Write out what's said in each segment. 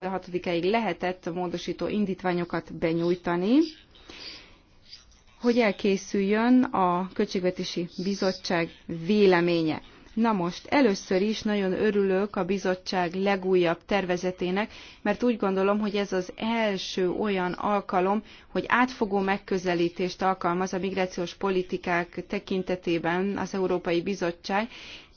6-ig lehetett módosító indítványokat benyújtani, hogy elkészüljön a Költségvetési Bizottság véleménye. Na most, először is nagyon örülök a bizottság legújabb tervezetének, mert úgy gondolom, hogy ez az első olyan alkalom, hogy átfogó megközelítést alkalmaz a migrációs politikák tekintetében az Európai Bizottság,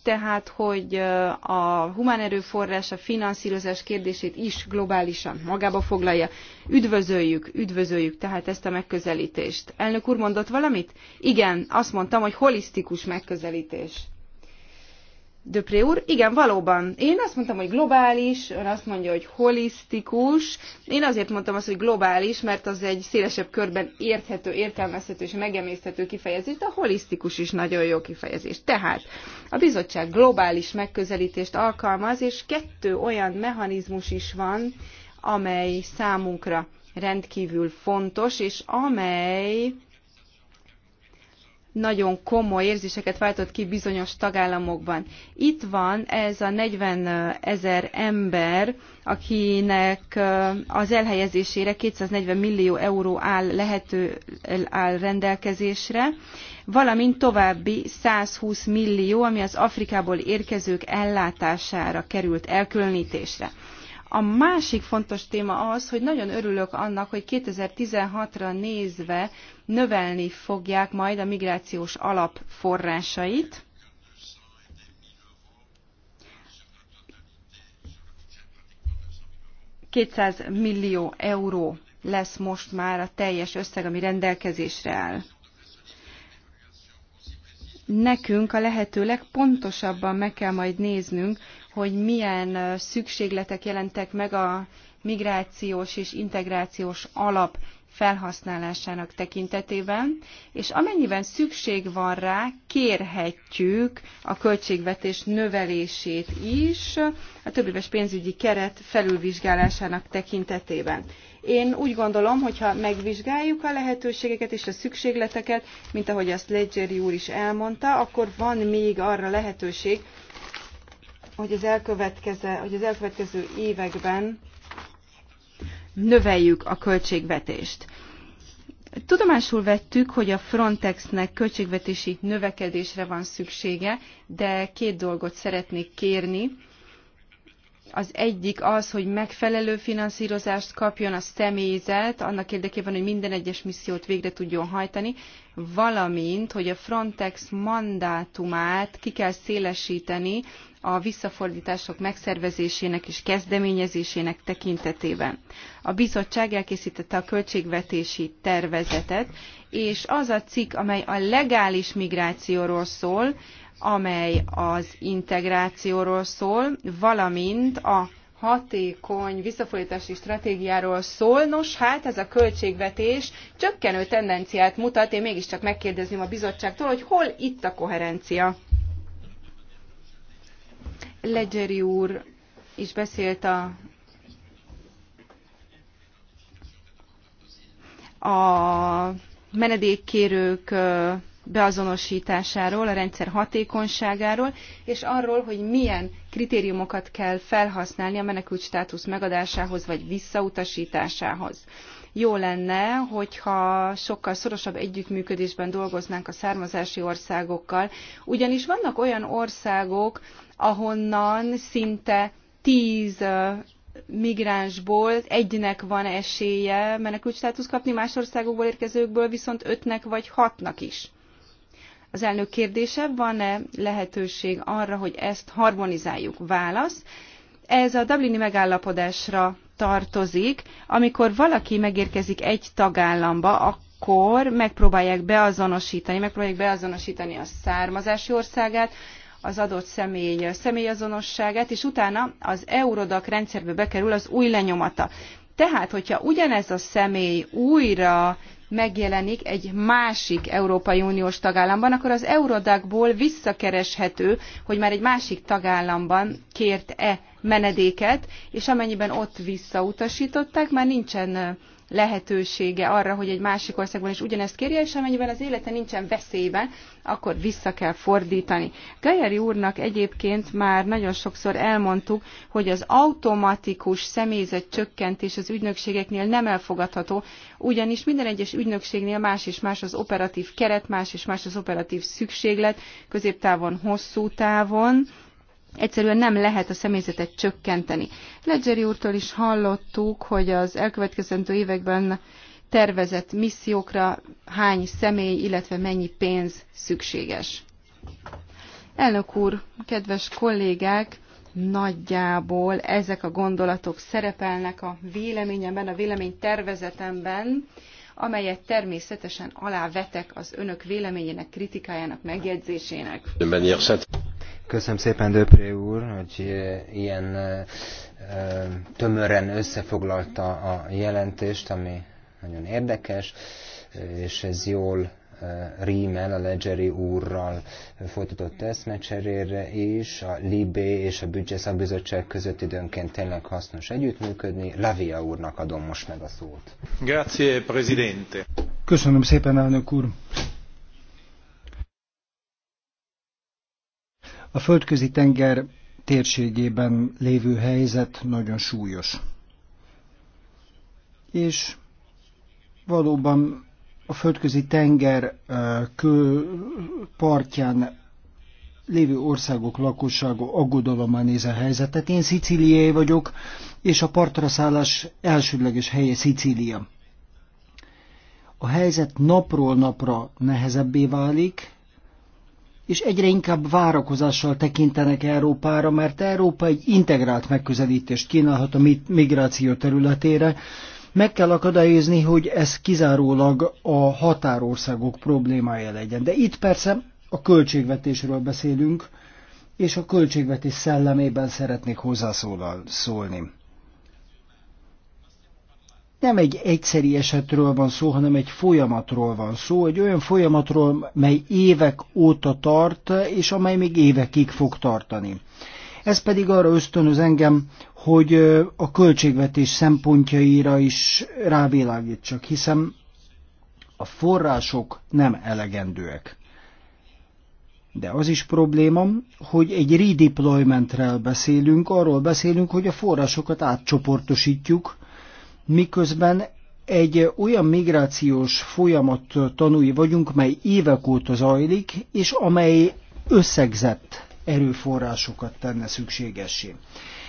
tehát hogy a humán erőforrás, a finanszírozás kérdését is globálisan magába foglalja. Üdvözöljük, üdvözöljük tehát ezt a megközelítést. Elnök úr mondott valamit? Igen, azt mondtam, hogy holisztikus megközelítés. Döpré úr, igen, valóban. Én azt mondtam, hogy globális, ön azt mondja, hogy holisztikus. Én azért mondtam azt, hogy globális, mert az egy szélesebb körben érthető, értelmezhető és megemészthető kifejezés, de a holisztikus is nagyon jó kifejezés. Tehát a bizottság globális megközelítést alkalmaz, és kettő olyan mechanizmus is van, amely számunkra rendkívül fontos, és amely nagyon komoly érzéseket váltott ki bizonyos tagállamokban. Itt van ez a 40 ezer ember, akinek az elhelyezésére 240 millió euró áll, lehető, áll rendelkezésre, valamint további 120 millió, ami az Afrikából érkezők ellátására került elkülönítésre. A másik fontos téma az, hogy nagyon örülök annak, hogy 2016-ra nézve növelni fogják majd a migrációs alap forrásait. Kétszáz millió euró lesz most már a teljes összeg, ami rendelkezésre áll nekünk a lehető legpontosabban meg kell majd néznünk, hogy milyen szükségletek jelentek meg a migrációs és integrációs alap felhasználásának tekintetében, és amennyiben szükség van rá, kérhetjük a költségvetés növelését is a többéves pénzügyi keret felülvizsgálásának tekintetében. Én úgy gondolom, hogyha megvizsgáljuk a lehetőségeket és a szükségleteket, mint ahogy azt Ledgeri úr is elmondta, akkor van még arra lehetőség, hogy az, elkövetkező, hogy az elkövetkező években növeljük a költségvetést. Tudomásul vettük, hogy a Frontexnek költségvetési növekedésre van szüksége, de két dolgot szeretnék kérni az egyik az, hogy megfelelő finanszírozást kapjon a személyzet, annak érdekében, hogy minden egyes missziót végre tudjon hajtani, valamint, hogy a Frontex mandátumát ki kell szélesíteni a visszafordítások megszervezésének és kezdeményezésének tekintetében. A bizottság elkészítette a költségvetési tervezetet, és az a cikk, amely a legális migrációról szól, amely az integrációról szól, valamint a hatékony visszafolytási stratégiáról szól. Nos, hát ez a költségvetés csökkenő tendenciát mutat. Én mégiscsak megkérdezném a bizottságtól, hogy hol itt a koherencia. Legyeri úr is beszélt a a menedékkérők beazonosításáról, a rendszer hatékonyságáról, és arról, hogy milyen kritériumokat kell felhasználni a menekült státusz megadásához vagy visszautasításához. Jó lenne, hogyha sokkal szorosabb együttműködésben dolgoznánk a származási országokkal, ugyanis vannak olyan országok, ahonnan szinte tíz migránsból egynek van esélye menekült státusz kapni, más országokból érkezőkből viszont ötnek vagy hatnak is. Az elnök kérdése, van-e lehetőség arra, hogy ezt harmonizáljuk? Válasz. Ez a Dublini megállapodásra tartozik. Amikor valaki megérkezik egy tagállamba, akkor megpróbálják beazonosítani, megpróbálják beazonosítani a származási országát, az adott személy személyazonosságát, és utána az Eurodac rendszerbe bekerül az új lenyomata. Tehát, hogyha ugyanez a személy újra megjelenik egy másik Európai Uniós tagállamban, akkor az Eurodagból visszakereshető, hogy már egy másik tagállamban kért-e menedéket, és amennyiben ott visszautasították, már nincsen lehetősége arra, hogy egy másik országban is ugyanezt kérje, és amennyiben az élete nincsen veszélyben, akkor vissza kell fordítani. Gajeri úrnak egyébként már nagyon sokszor elmondtuk, hogy az automatikus személyzet csökkentés az ügynökségeknél nem elfogadható, ugyanis minden egyes ügynökségnél más és más az operatív keret, más és más az operatív szükséglet, középtávon, hosszú távon, Egyszerűen nem lehet a személyzetet csökkenteni. Ledgeri úrtól is hallottuk, hogy az elkövetkezendő években tervezett missziókra hány személy, illetve mennyi pénz szükséges. Elnök úr, kedves kollégák, nagyjából ezek a gondolatok szerepelnek a véleményemben, a vélemény tervezetemben, amelyet természetesen alávetek az önök véleményének, kritikájának, megjegyzésének. Köszönöm szépen, Döpré úr, hogy eh, ilyen eh, eh, tömören összefoglalta a jelentést, ami nagyon érdekes, és ez jól rímel a Ledgeri úrral folytatott eszmecserére is, a Libé és a Büdzsészakbizottság között időnként tényleg hasznos együttműködni. Lavia úrnak adom most meg a szót. Grazie, Presidente. Köszönöm szépen, elnök úr. A földközi tenger térségében lévő helyzet nagyon súlyos. És valóban a földközi tenger kő partján lévő országok lakossága aggodalommal néz a helyzetet. Én szicíliai vagyok, és a partra szállás elsődleges helye Szicília. A helyzet napról napra nehezebbé válik, és egyre inkább várakozással tekintenek Európára, mert Európa egy integrált megközelítést kínálhat a migráció területére. Meg kell akadályozni, hogy ez kizárólag a határországok problémája legyen. De itt persze a költségvetésről beszélünk, és a költségvetés szellemében szeretnék hozzászólni nem egy egyszeri esetről van szó, hanem egy folyamatról van szó, egy olyan folyamatról, mely évek óta tart, és amely még évekig fog tartani. Ez pedig arra ösztönöz engem, hogy a költségvetés szempontjaira is rávilágítsak, hiszen a források nem elegendőek. De az is probléma, hogy egy redeploymentrel beszélünk, arról beszélünk, hogy a forrásokat átcsoportosítjuk, miközben egy olyan migrációs folyamat tanúi vagyunk, mely évek óta zajlik, és amely összegzett erőforrásokat tenne szükségessé.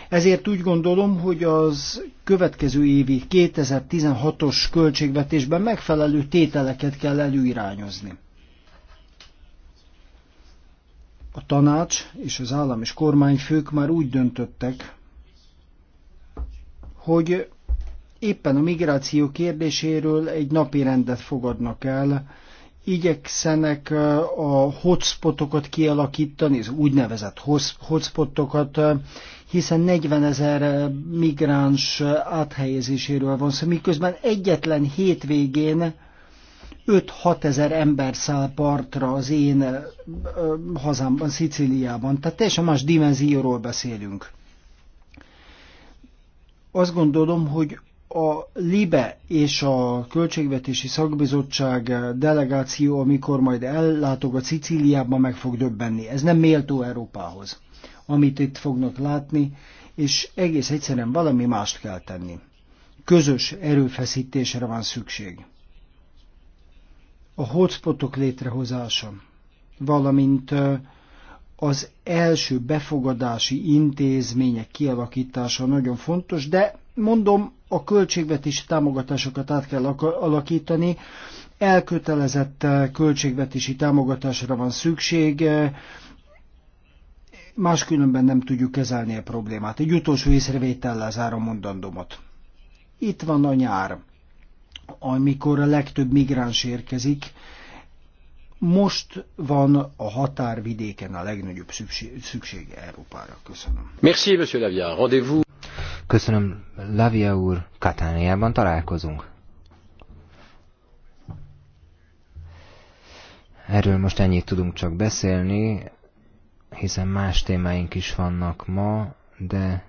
Ezért úgy gondolom, hogy az következő évi 2016-os költségvetésben megfelelő tételeket kell előirányozni. A tanács és az állam és kormányfők már úgy döntöttek, hogy éppen a migráció kérdéséről egy napi rendet fogadnak el, igyekszenek a hotspotokat kialakítani, az úgynevezett hotspotokat, hiszen 40 ezer migráns áthelyezéséről van szó, szóval miközben egyetlen hétvégén 5-6 ezer ember száll partra az én hazámban, Szicíliában. Tehát teljesen más dimenzióról beszélünk. Azt gondolom, hogy a LIBE és a Költségvetési Szakbizottság delegáció, amikor majd ellátog a Szicíliába, meg fog döbbenni. Ez nem méltó Európához, amit itt fognak látni, és egész egyszerűen valami mást kell tenni. Közös erőfeszítésre van szükség. A hotspotok létrehozása, valamint az első befogadási intézmények kialakítása nagyon fontos, de mondom, a költségvetési támogatásokat át kell alakítani, elkötelezett eh, költségvetési támogatásra van szükség, eh, máskülönben nem tudjuk kezelni a problémát. Egy utolsó észrevétellel zárom mondandómat. Itt van a nyár, amikor a legtöbb migráns érkezik, most van a határvidéken a legnagyobb szükség, szükség Európára. Köszönöm. Merci, monsieur Lavia. Rendezvous. Köszönöm, Lavia úr, Katániában találkozunk. Erről most ennyit tudunk csak beszélni, hiszen más témáink is vannak ma, de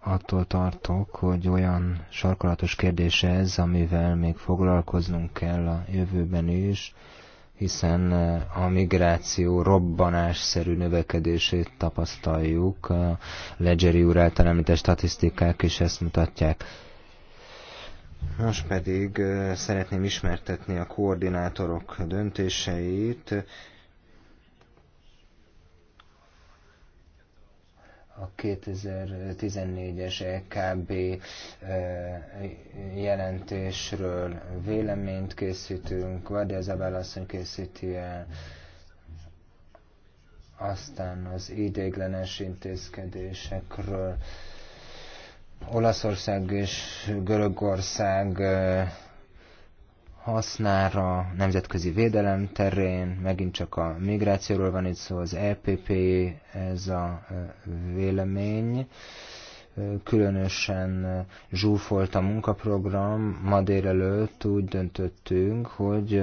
attól tartok, hogy olyan sarkalatos kérdés ez, amivel még foglalkoznunk kell a jövőben is, hiszen eh, a migráció robbanásszerű növekedését tapasztaljuk, a Ledgeri úr által említett statisztikák is ezt mutatják. Most pedig eh, szeretném ismertetni a koordinátorok döntéseit. a 2014-es EKB eh, jelentésről véleményt készítünk, Vardia Zabál asszony készíti el, aztán az idéglenes intézkedésekről Olaszország és Görögország eh, hasznára, nemzetközi védelem terén, megint csak a migrációról van itt szó, az EPP, ez a vélemény. Különösen zsúfolt a munkaprogram, ma délelőtt úgy döntöttünk, hogy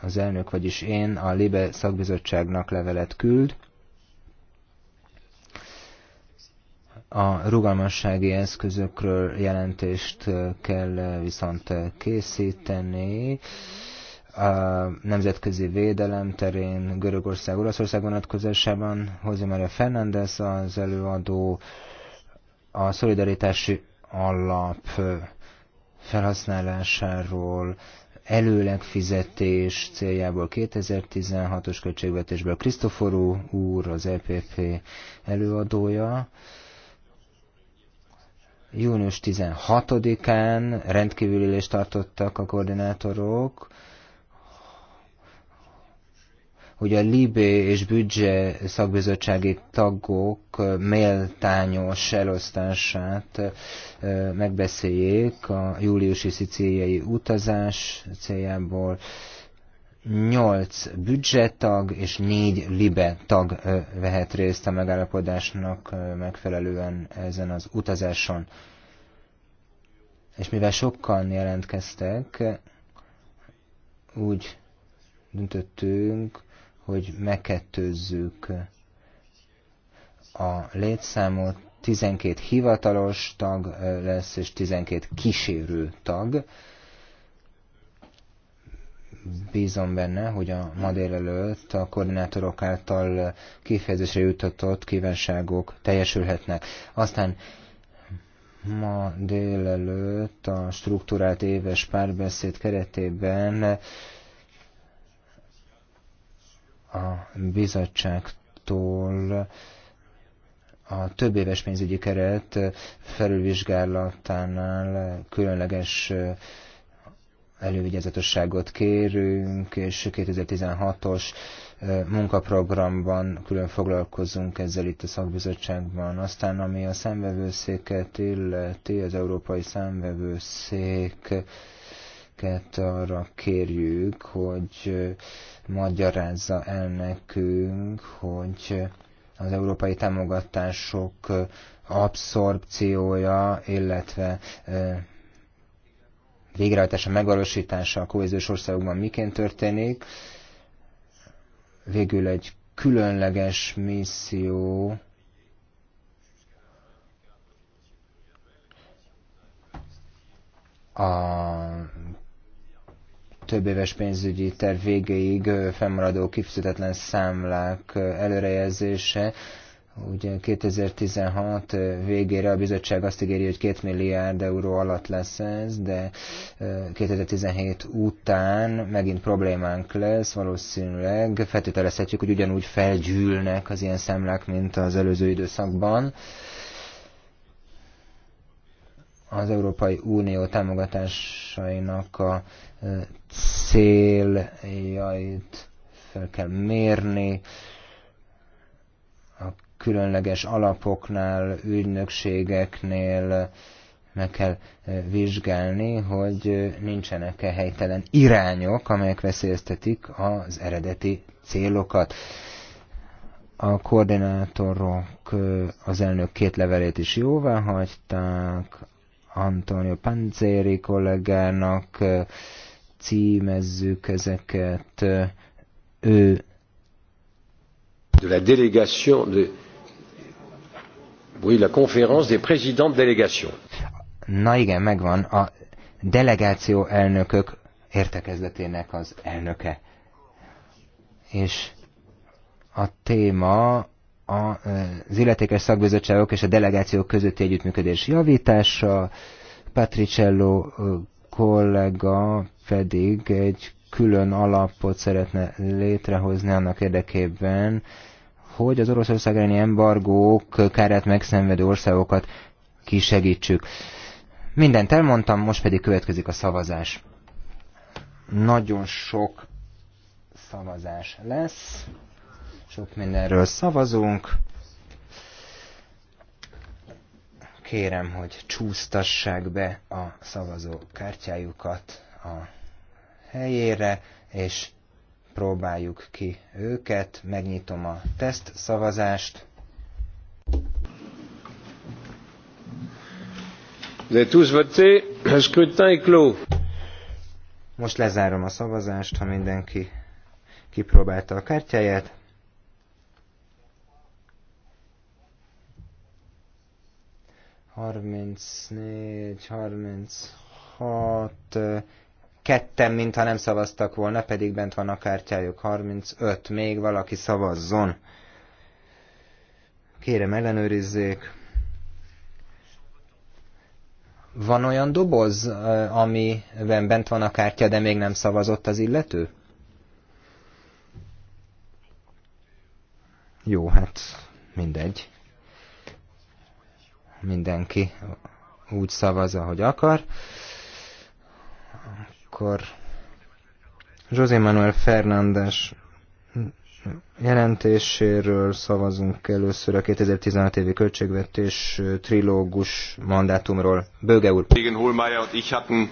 az elnök, vagyis én a Libe szakbizottságnak levelet küld, A rugalmassági eszközökről jelentést kell viszont készíteni. A nemzetközi védelem terén Görögország, Olaszország vonatkozásában José a Fernández az előadó a szolidaritási alap felhasználásáról előleg fizetés céljából 2016-os költségvetésből Krisztoforú úr, az EPP előadója. Június 16-án rendkívül ülést tartottak a koordinátorok, hogy a Libé és Büdzse szakbizottsági tagok méltányos elosztását megbeszéljék a júliusi szicíliai utazás céljából. 8 büdzsettag és 4 libe tag vehet részt a megállapodásnak megfelelően ezen az utazáson. És mivel sokan jelentkeztek, úgy döntöttünk, hogy megkettőzzük a létszámot, 12 hivatalos tag lesz, és 12 kísérő tag bízom benne, hogy a ma délelőtt a koordinátorok által kifejezésre jutatott kívánságok teljesülhetnek. Aztán ma délelőtt a struktúrált éves párbeszéd keretében a bizottságtól a több éves pénzügyi keret felülvizsgálatánál különleges elővigyázatosságot kérünk, és 2016-os munkaprogramban külön foglalkozunk ezzel itt a szakbizottságban. Aztán, ami a szemvevőszéket illeti, az Európai szemvevőszék, arra kérjük, hogy magyarázza el nekünk, hogy az európai támogatások abszorpciója, illetve végrehajtása, megvalósítása a kohéziós országokban miként történik. Végül egy különleges misszió a több éves pénzügyi terv végéig fennmaradó kifizetetlen számlák előrejelzése Ugye 2016 végére a bizottság azt ígéri, hogy 2 milliárd euró alatt lesz ez, de 2017 után megint problémánk lesz, valószínűleg feltételezhetjük, hogy ugyanúgy felgyűlnek az ilyen számlák, mint az előző időszakban az Európai Unió támogatásainak a céljait fel kell mérni, különleges alapoknál, ügynökségeknél meg kell vizsgálni, hogy nincsenek-e helytelen irányok, amelyek veszélyeztetik az eredeti célokat. A koordinátorok az elnök két levelét is jóvá hagyták, Antonio Panzeri kollégának címezzük ezeket. Ő de la délégation de Oui, la conférence des présidents de délégation. Na igen, megvan a delegáció elnökök értekezletének az elnöke. És a téma az illetékes szakbizottságok és a delegációk közötti együttműködés javítása, Patricello kollega pedig egy külön alapot szeretne létrehozni annak érdekében, hogy az Oroszország elleni embargók kárát megszenvedő országokat kisegítsük. Mindent elmondtam, most pedig következik a szavazás. Nagyon sok szavazás lesz, sok mindenről szavazunk. Kérem, hogy csúsztassák be a szavazó kártyájukat a helyére, és próbáljuk ki őket. Megnyitom a teszt szavazást. De tous voté, le scrutin est clos. Most lezárom a szavazást, ha mindenki kipróbálta a kártyáját. Harminc négy, harminc hat, ketten, mintha nem szavaztak volna, pedig bent van a kártyájuk 35, még valaki szavazzon. Kérem ellenőrizzék. Van olyan doboz, amiben bent van a kártya, de még nem szavazott az illető? Jó, hát mindegy. Mindenki úgy szavaz, ahogy akar akkor José Manuel Fernández jelentéséről szavazunk először a 2016 évi költségvetés trilógus mandátumról. Böge úr. Holmeyer und ich hatten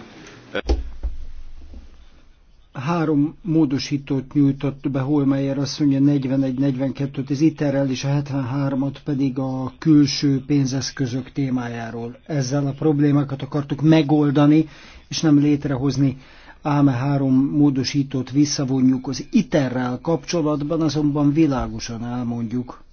három módosítót nyújtott be Holmeyer asszony a 41-42-t, az ITER-rel és a 73-at pedig a külső pénzeszközök témájáról. Ezzel a problémákat akartuk megoldani, és nem létrehozni. Ám három módosítót visszavonjuk az ITER-rel kapcsolatban, azonban világosan elmondjuk,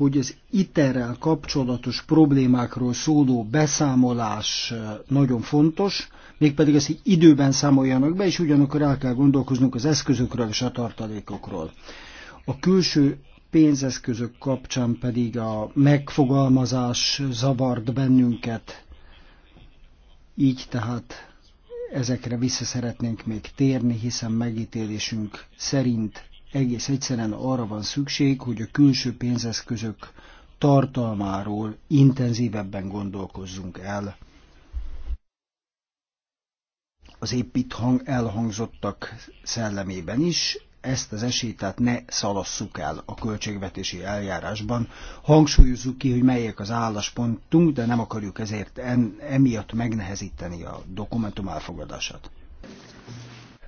hogy az iterrel kapcsolatos problémákról szóló beszámolás eh, nagyon fontos, mégpedig ezt időben számoljanak be, és ugyanakkor el kell gondolkoznunk az eszközökről és a tartalékokról. A külső pénzeszközök kapcsán pedig a megfogalmazás zavart bennünket, így tehát ezekre vissza szeretnénk még térni, hiszen megítélésünk szerint egész egyszerűen arra van szükség, hogy a külső pénzeszközök tartalmáról intenzívebben gondolkozzunk el. Az épp itt hang elhangzottak szellemében is, ezt az esélyt tehát ne szalasszuk el a költségvetési eljárásban. Hangsúlyozzuk ki, hogy melyek az álláspontunk, de nem akarjuk ezért en, emiatt megnehezíteni a dokumentum elfogadását.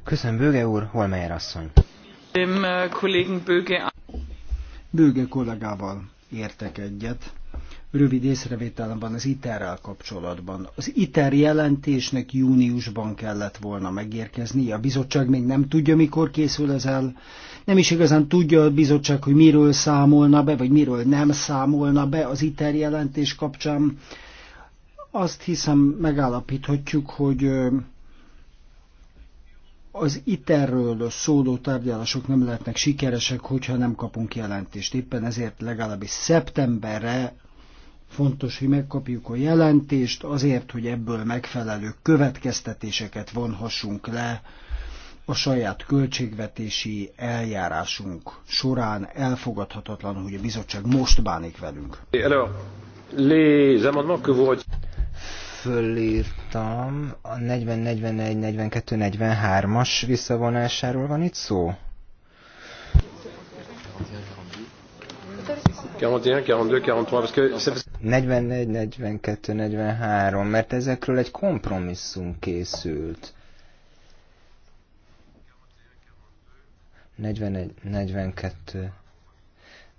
Köszönöm, Bőge úr, Holmeyer asszony. Äh, Bőge kollégával értek egyet. Rövid észrevételem van az ITER-rel kapcsolatban. Az ITER jelentésnek júniusban kellett volna megérkezni, a bizottság még nem tudja, mikor készül ez el. Nem is igazán tudja a bizottság, hogy miről számolna be, vagy miről nem számolna be az ITER jelentés kapcsán. Azt hiszem megállapíthatjuk, hogy az iterről szóló tárgyalások nem lehetnek sikeresek, hogyha nem kapunk jelentést. Éppen ezért legalábbis szeptemberre fontos, hogy megkapjuk a jelentést, azért, hogy ebből megfelelő következtetéseket vonhassunk le a saját költségvetési eljárásunk során elfogadhatatlan, hogy a bizottság most bánik velünk. Alors, les amendements que vous fölírtam, a 40, 41, 42, 43-as visszavonásáról van itt szó? 41, 42, 43, 44, 42, 43, mert ezekről egy kompromisszum készült. 41, 42.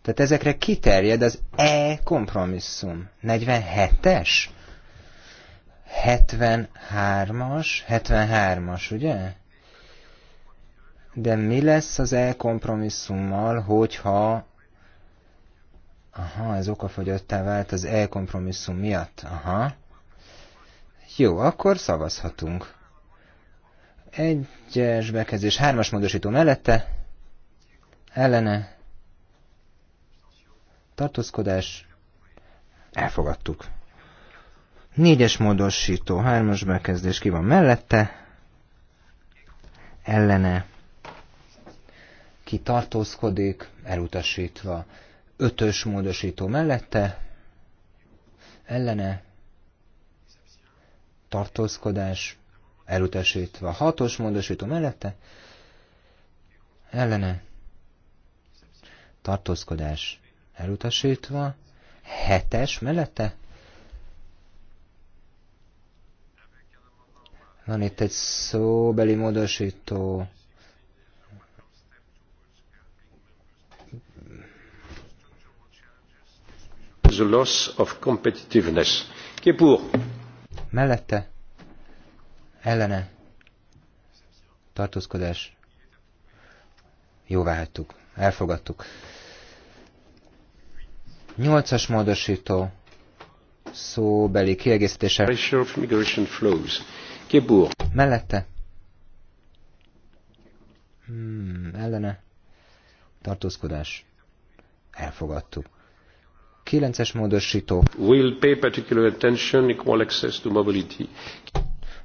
Tehát ezekre kiterjed az E kompromisszum. 47-es? 73-as, 73-as, ugye? De mi lesz az elkompromisszummal, hogyha... Aha, ez okafogyottá vált az elkompromisszum miatt. Aha. Jó, akkor szavazhatunk. Egyes bekezdés, hármas módosító mellette, ellene, tartózkodás, elfogadtuk. Négyes módosító, hármas bekezdés ki van mellette, ellene, ki tartózkodik, elutasítva. Ötös módosító mellette, ellene, tartózkodás, elutasítva. Hatos módosító mellette, ellene, tartózkodás, elutasítva. Hetes mellette, Van itt egy szóbeli módosító. The loss of competitiveness. Qui est pour? Mellette. Ellene. Tartózkodás. Jóvá hagytuk. Elfogadtuk. Nyolcas módosító szóbeli kiegészítése. pressure of migration flows ki est Mellette. Hmm, ellene. Tartózkodás. Elfogadtuk. 9-es módosító. Will pay particular attention equal access to mobility.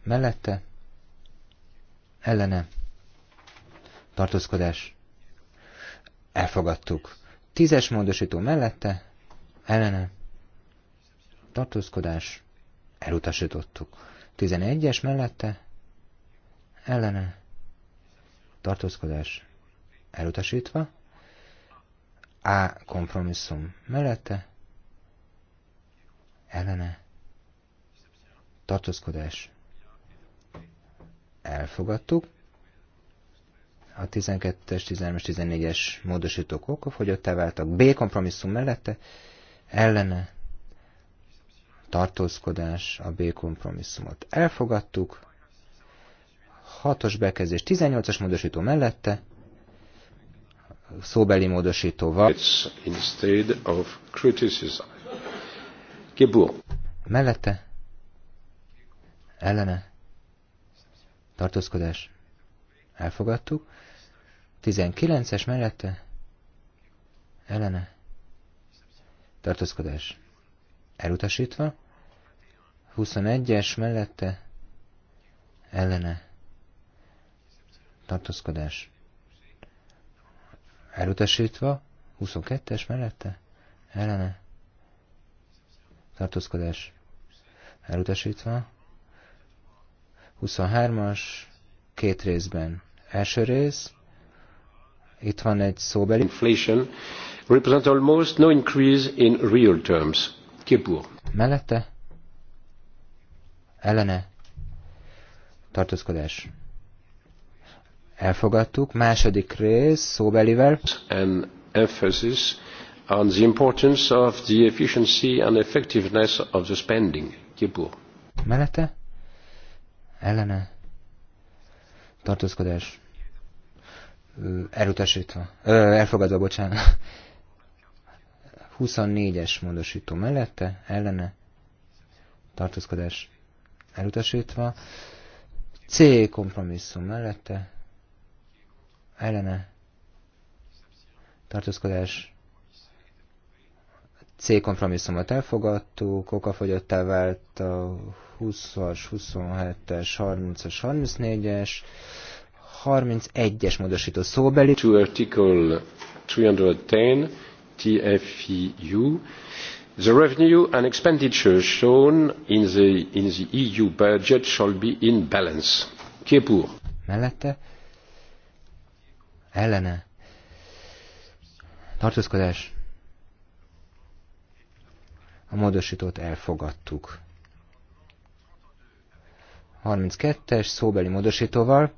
Mellette. Ellene. Tartózkodás. Elfogadtuk. Tízes módosító mellette. Ellene. Tartózkodás. Elutasítottuk. 11-es mellette ellene tartózkodás elutasítva, A kompromisszum mellette ellene tartózkodás elfogadtuk, a 12-es, 13-es, 14-es módosítók ott váltak, B kompromisszum mellette ellene tartózkodás, a B kompromisszumot elfogadtuk, 6-os bekezdés 18-as módosító mellette, szóbeli módosítóval, instead of criticism. Mellette, ellene, tartózkodás, elfogadtuk, 19-es mellette, ellene, tartózkodás, elutasítva, 21-es mellette ellene tartózkodás elutasítva, 22-es mellette ellene tartózkodás elutasítva, 23-as két részben első rész, itt van egy szóbeli. Inflation represents almost no increase in real terms ki est pour? Mellette? Ellene? Tartózkodás. Elfogadtuk. Második rész szóbelivel. An emphasis on the importance of the efficiency and effectiveness of the spending. Ki est pour? Mellette? Ellene? Tartózkodás. Elutasítva. Ö, elfogadva, bocsánat. 24-es módosító mellette, ellene, tartózkodás elutasítva, C kompromisszum mellette, ellene, tartózkodás C kompromisszumot elfogadtuk, okafogyottá vált a 20-as, 27-es, 30-as, 34-es, 31-es módosító szóbeli. To article 310 tfeu the revenue and expenditure shown in the, in the eu budget shall be in balance. ki est pour? mellette ellene tartózkodás a módosítót elfogadtuk. 32-es szóbeli módosítóval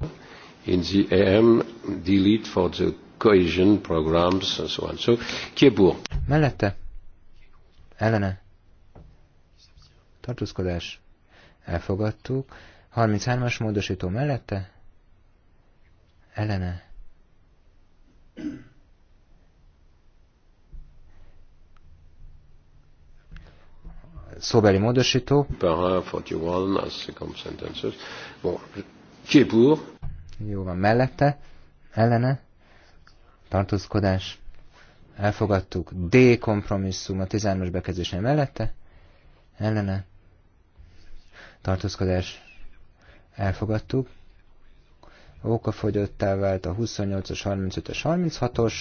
in the am delete for the cohesion programs and so on. So, qui est pour? Mellette. Ellene. Tartózkodás. Elfogadtuk. 33-as módosító mellette. Ellene. Szóbeli módosító. Paragraph 41, as second sentences. Bon, qui est pour? Jó van, mellette, ellene tartózkodás, elfogadtuk. D kompromisszum a 13-as bekezdésnél mellette, ellene, tartózkodás, elfogadtuk. Ókafogyottá vált a 28-as, 35-ös, 36-os,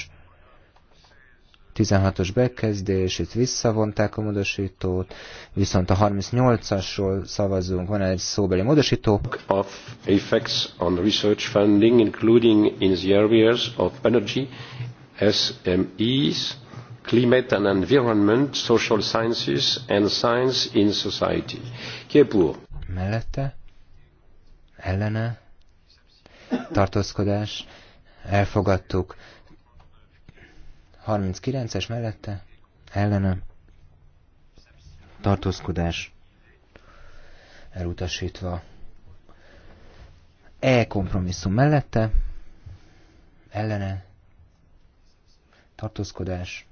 16-os bekezdés, itt visszavonták a módosítót, viszont a 38-asról szavazunk, van egy szóbeli módosító. Of effects on research funding, including in the areas of energy, SMEs, climate and environment, social sciences and science in society. Ki pour? Mellette? Ellene? Tartózkodás? Elfogadtuk. 39-es mellette, ellene, tartózkodás, elutasítva. E kompromisszum mellette, ellene, tartózkodás,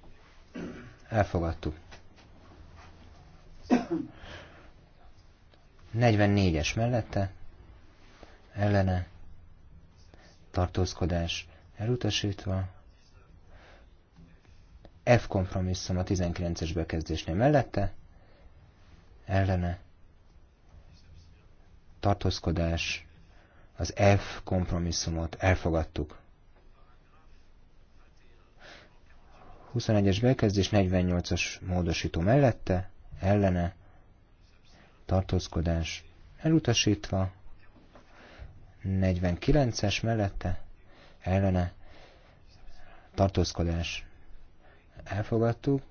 elfogadtuk. 44-es mellette, ellene, tartózkodás elutasítva, F kompromisszum a 19-es bekezdésnél mellette, ellene, tartózkodás, az F kompromisszumot elfogadtuk. 21-es bekezdés 48-as módosító mellette, ellene, tartózkodás elutasítva, 49-es mellette, ellene, tartózkodás elfogadtuk.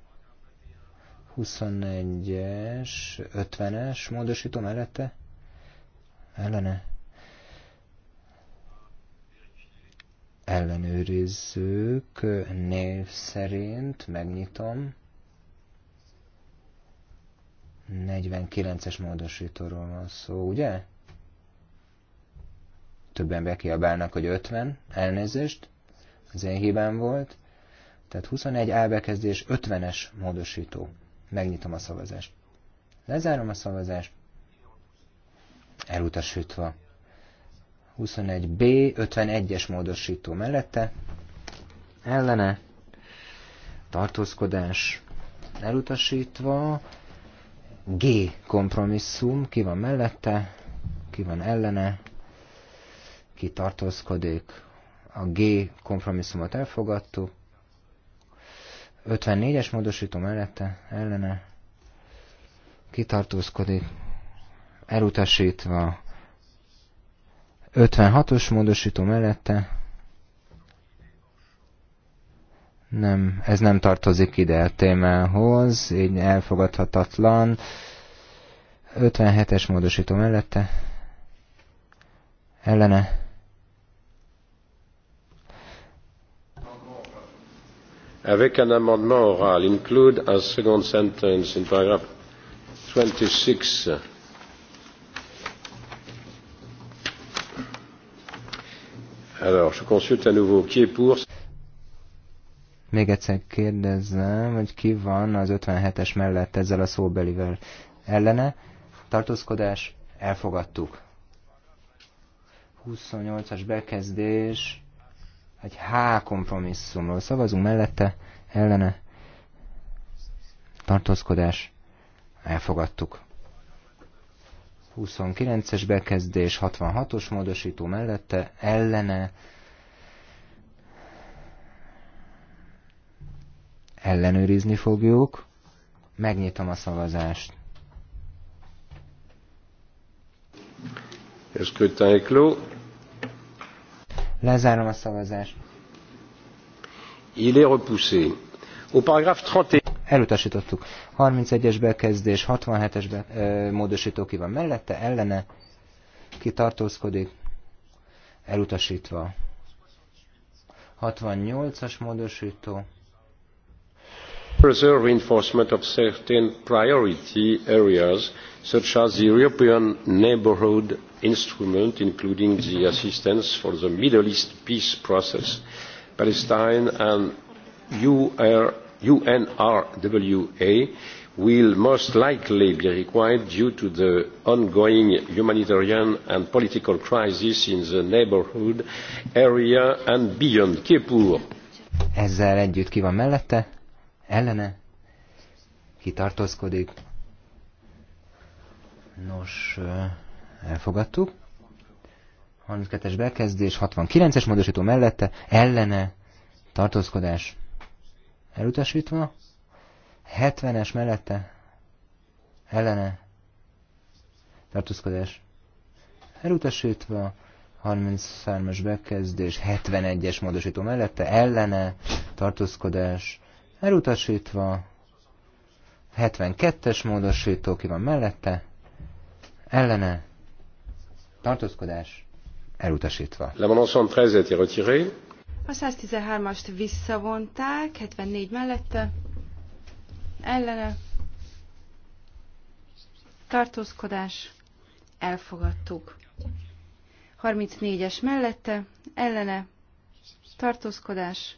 21-es, 50-es módosító mellette, ellene. Ellenőrizzük név szerint, megnyitom. 49-es módosítóról van szó, ugye? Többen bekiabálnak, hogy 50, elnézést, az én hibám volt. Tehát 21 elbekezdés 50-es módosító. Megnyitom a szavazást. Lezárom a szavazást. Elutasítva. 21B 51-es módosító mellette. Ellene. Tartózkodás. Elutasítva. G kompromisszum. Ki van mellette? Ki van ellene? Ki tartózkodik? A G kompromisszumot elfogadtuk. 54-es módosító mellette ellene kitartózkodik, elutasítva 56-os módosító mellette nem, ez nem tartozik ide a témához, így elfogadhatatlan. 57-es módosító mellette ellene avec un amendement oral include a second sentence in paragraph twenty six alors je consulte à nouveau qui est pour még egyszer kérdezem, hogy ki van az 57-es mellett ezzel a szóbelivel ellene. Tartózkodás, elfogadtuk. 28-as bekezdés, egy H kompromisszumról szavazunk mellette, ellene, tartózkodás, elfogadtuk. 29-es bekezdés, 66-os módosító mellette, ellene, ellenőrizni fogjuk, megnyitom a szavazást. est Lezárom a szavazást. Il est repoussé. Au paragraphe 31. Elutasítottuk. 31-es bekezdés, 67-es be, ö, módosító ki van mellette, ellene, ki tartózkodik, elutasítva. 68-as módosító. Preserve reinforcement of certain priority areas, such as the European Neighborhood instrument, including the assistance for the Middle East peace process, Palestine and UNRWA will most likely be required due to the ongoing humanitarian and political crisis in the neighborhood area and beyond. Kipur. Ezzel együtt ki van mellette? Ellene? Ki Nos, uh elfogadtuk. 32-es bekezdés, 69-es módosító mellette, ellene, tartózkodás elutasítva, 70-es mellette, ellene, tartózkodás elutasítva, 33-as bekezdés, 71-es módosító mellette, ellene, tartózkodás elutasítva, 72-es módosító ki van mellette, ellene, tartózkodás elutasítva. L'amendement 113 a été retiré. A 113-ast visszavonták, 74 mellette, ellene, tartózkodás, elfogadtuk. 34-es mellette, ellene, tartózkodás,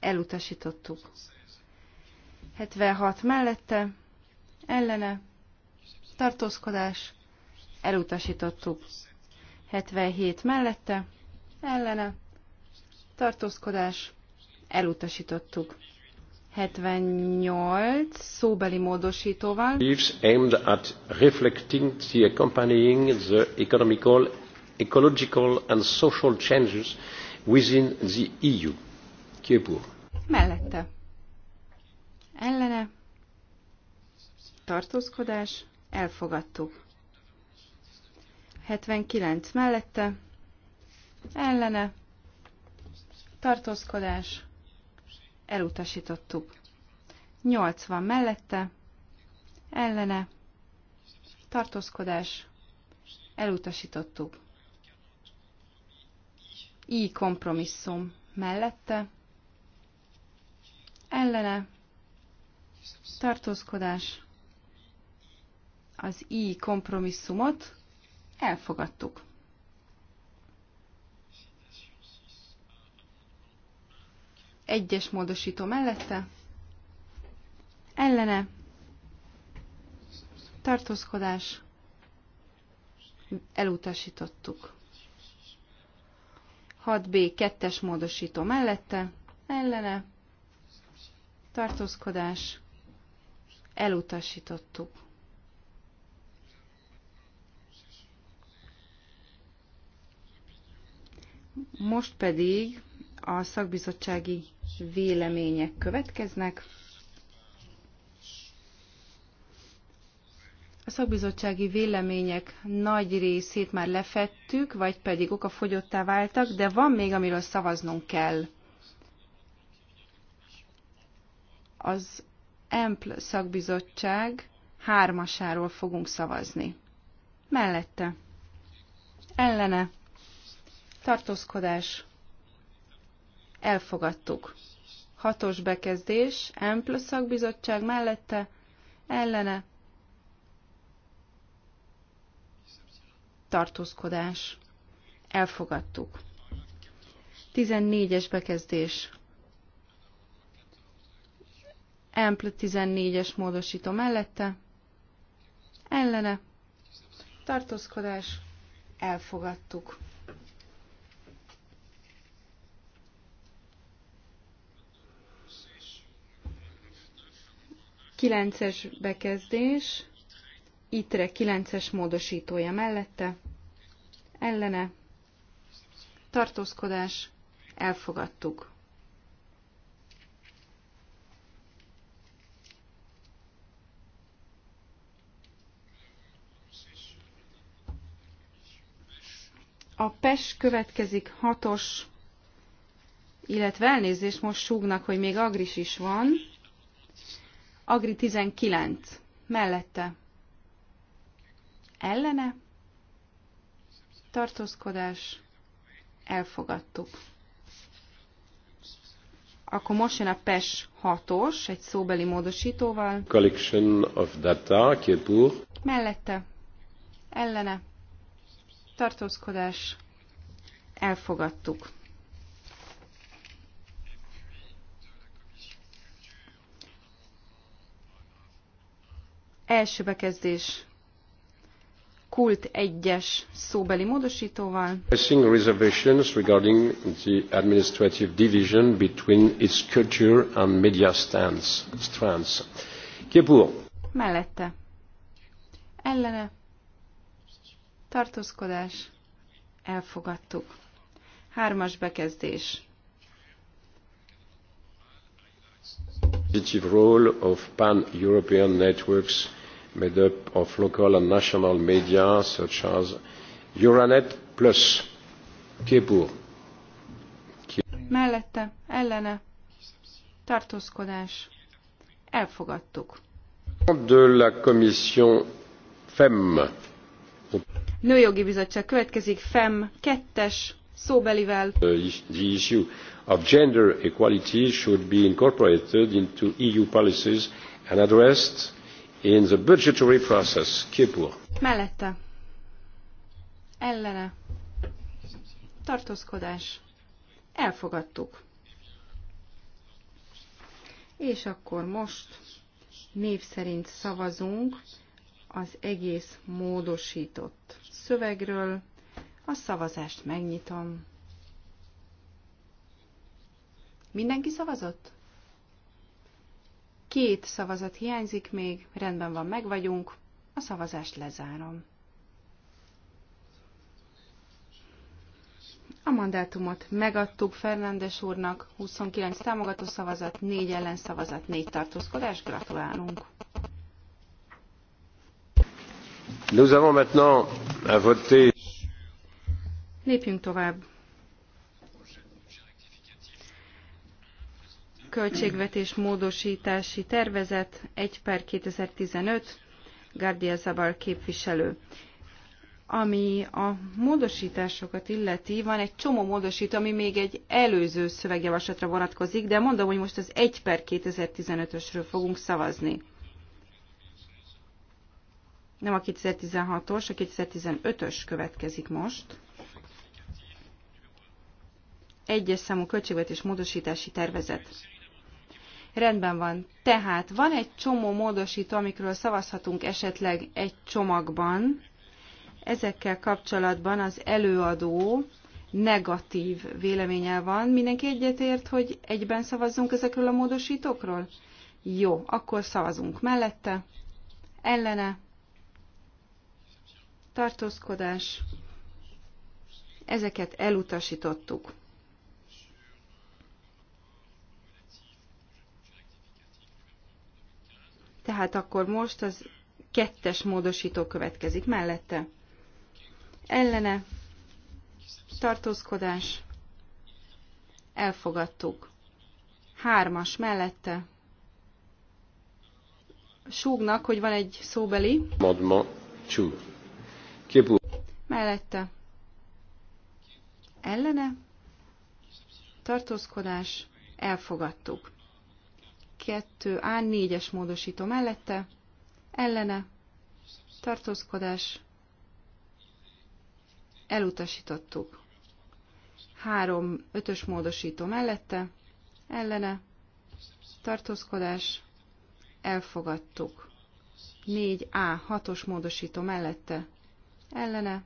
elutasítottuk. 76 mellette, ellene, tartózkodás, elutasítottuk. 77 mellette, ellene, tartózkodás, elutasítottuk. 78 szóbeli módosítóval. Leaves aimed at reflecting the accompanying the economical, ecological and social changes within the EU. Ki Mellette. Ellene. Tartózkodás. Elfogadtuk. 79 mellette, ellene, tartózkodás, elutasítottuk. 80 mellette, ellene, tartózkodás, elutasítottuk. I kompromisszum mellette, ellene, tartózkodás, az I kompromisszumot Elfogadtuk. Egyes módosító mellette. Ellene. Tartózkodás. Elutasítottuk. 6B kettes módosító mellette. Ellene. Tartózkodás. Elutasítottuk. Most pedig a szakbizottsági vélemények következnek. A szakbizottsági vélemények nagy részét már lefettük, vagy pedig fogyottá váltak, de van még, amiről szavaznunk kell. Az EMPL szakbizottság hármasáról fogunk szavazni. Mellette. Ellene tartózkodás, elfogadtuk. Hatos bekezdés, M plusz szakbizottság mellette, ellene, tartózkodás, elfogadtuk. 14-es bekezdés. Ample 14-es módosító mellette, ellene, tartózkodás, elfogadtuk. 9-es bekezdés, ittre 9-es módosítója mellette, ellene, tartózkodás, elfogadtuk. A PES következik hatos, illetve elnézést most súgnak, hogy még Agris is van. Agri 19. Mellette. Ellene. Tartózkodás. Elfogadtuk. Akkor most jön a PES 6-os, egy szóbeli módosítóval. Collection of data, qui est pour. Mellette. Ellene. Tartózkodás. Elfogadtuk. Első bekezdés kult egyes szóbeli módosítóval. Facing reservations regarding the administrative division between its culture and media stance, strands. Qui est pour? Mellette. Ellene. Tartózkodás. Elfogadtuk. Hármas bekezdés. positive role of pan-European networks made up of local and national media such as Euronet Plus. Mellette, ellene, tartózkodás, elfogadtuk. De la commission FEM. Nőjogi Bizottság következik, FEM 2 szóbelivel. The issue of gender equality should be incorporated into EU policies and addressed in the budgetary process. Kipur. Mellette. Ellene. Tartózkodás. Elfogadtuk. És akkor most név szerint szavazunk az egész módosított szövegről. A szavazást megnyitom. Mindenki szavazott? Két szavazat hiányzik még, rendben van, meg vagyunk. A szavazást lezárom. A mandátumot megadtuk Fernándes úrnak, 29 támogató szavazat, 4 ellen szavazat, 4 tartózkodás. Gratulálunk! Nous avons maintenant à voter Lépjünk tovább. Költségvetés módosítási tervezet 1 per 2015, Gárdia Zabal képviselő. Ami a módosításokat illeti, van egy csomó módosító, ami még egy előző szövegjavaslatra vonatkozik, de mondom, hogy most az 1 per 2015-ösről fogunk szavazni nem a 2016-os, a 2015-ös következik most egyes számú költségvetés módosítási tervezet. Rendben van. Tehát van egy csomó módosító, amikről szavazhatunk esetleg egy csomagban. Ezekkel kapcsolatban az előadó negatív véleménye van. Mindenki egyetért, hogy egyben szavazzunk ezekről a módosítókról? Jó, akkor szavazunk mellette. Ellene. Tartózkodás. Ezeket elutasítottuk. Tehát akkor most az kettes módosító következik mellette. Ellene tartózkodás elfogadtuk. Hármas mellette súgnak, hogy van egy szóbeli. Madma csú. Képul. Mellette. Ellene. Tartózkodás. Elfogadtuk. 2A4-es módosító mellette, ellene, tartózkodás, elutasítottuk. 3 5-ös módosító mellette, ellene, tartózkodás, elfogadtuk. 4A 6-os módosító mellette, ellene,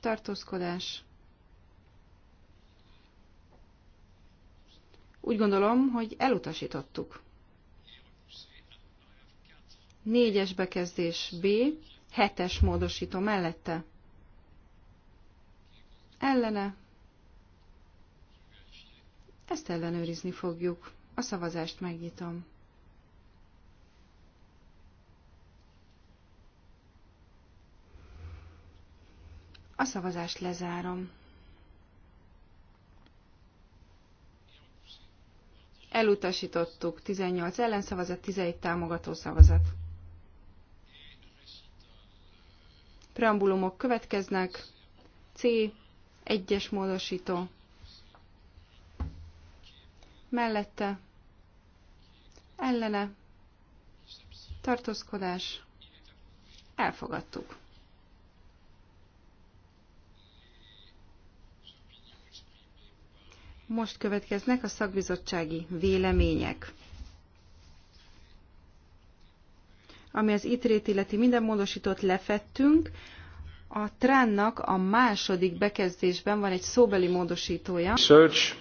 tartózkodás, elfogadtuk. Úgy gondolom, hogy elutasítottuk. Négyes bekezdés B, hetes módosító mellette. Ellene. Ezt ellenőrizni fogjuk. A szavazást megnyitom. A szavazást lezárom. Elutasítottuk 18 ellenszavazat, 11 támogató szavazat. Preambulumok következnek. C. Egyes módosító. Mellette. Ellene. Tartózkodás. Elfogadtuk. Most következnek a szakbizottsági vélemények. Ami az itrét illeti minden módosítót lefettünk, a Tránnak a második bekezdésben van egy szóbeli módosítója. Search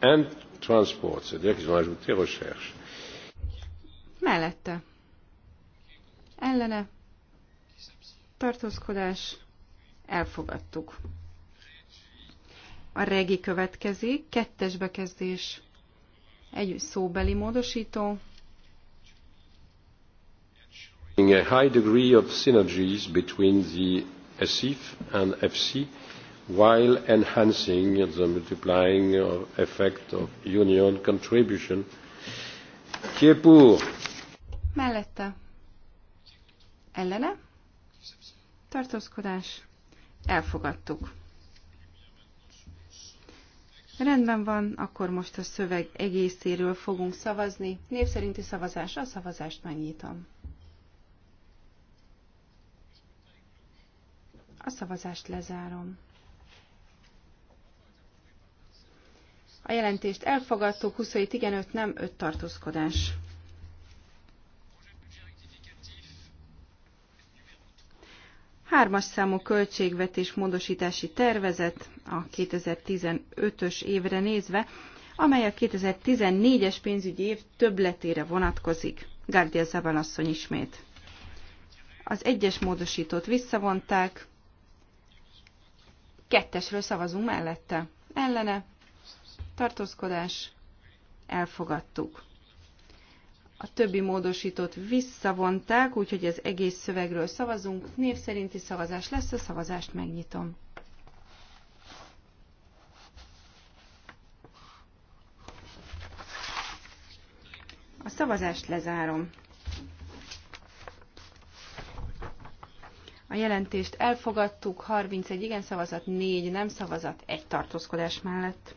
and transport, Mellette. Ellene. Tartózkodás. Elfogadtuk. A regi következik, kettes bekezdés, egy szóbeli módosító. A high degree of synergies between the SIF and FC while enhancing the multiplying effect of union contribution. Qui est pour? Mellette. Ellene? Tartózkodás. Elfogadtuk. Rendben van, akkor most a szöveg egészéről fogunk szavazni. Név szerinti szavazás, a szavazást megnyitom. A szavazást lezárom. A jelentést elfogadtuk, 27 igen, 5 nem, 5 tartózkodás. Hármas számú költségvetés módosítási tervezet a 2015-ös évre nézve, amely a 2014-es pénzügyi év többletére vonatkozik. Gárdia Zabal asszony ismét. Az egyes módosítót visszavonták, kettesről szavazunk mellette. Ellene, tartózkodás, elfogadtuk. A többi módosítót visszavonták, úgyhogy az egész szövegről szavazunk. Név szerinti szavazás lesz, a szavazást megnyitom. A szavazást lezárom. A jelentést elfogadtuk, 31 igen szavazat, 4 nem szavazat, egy tartózkodás mellett.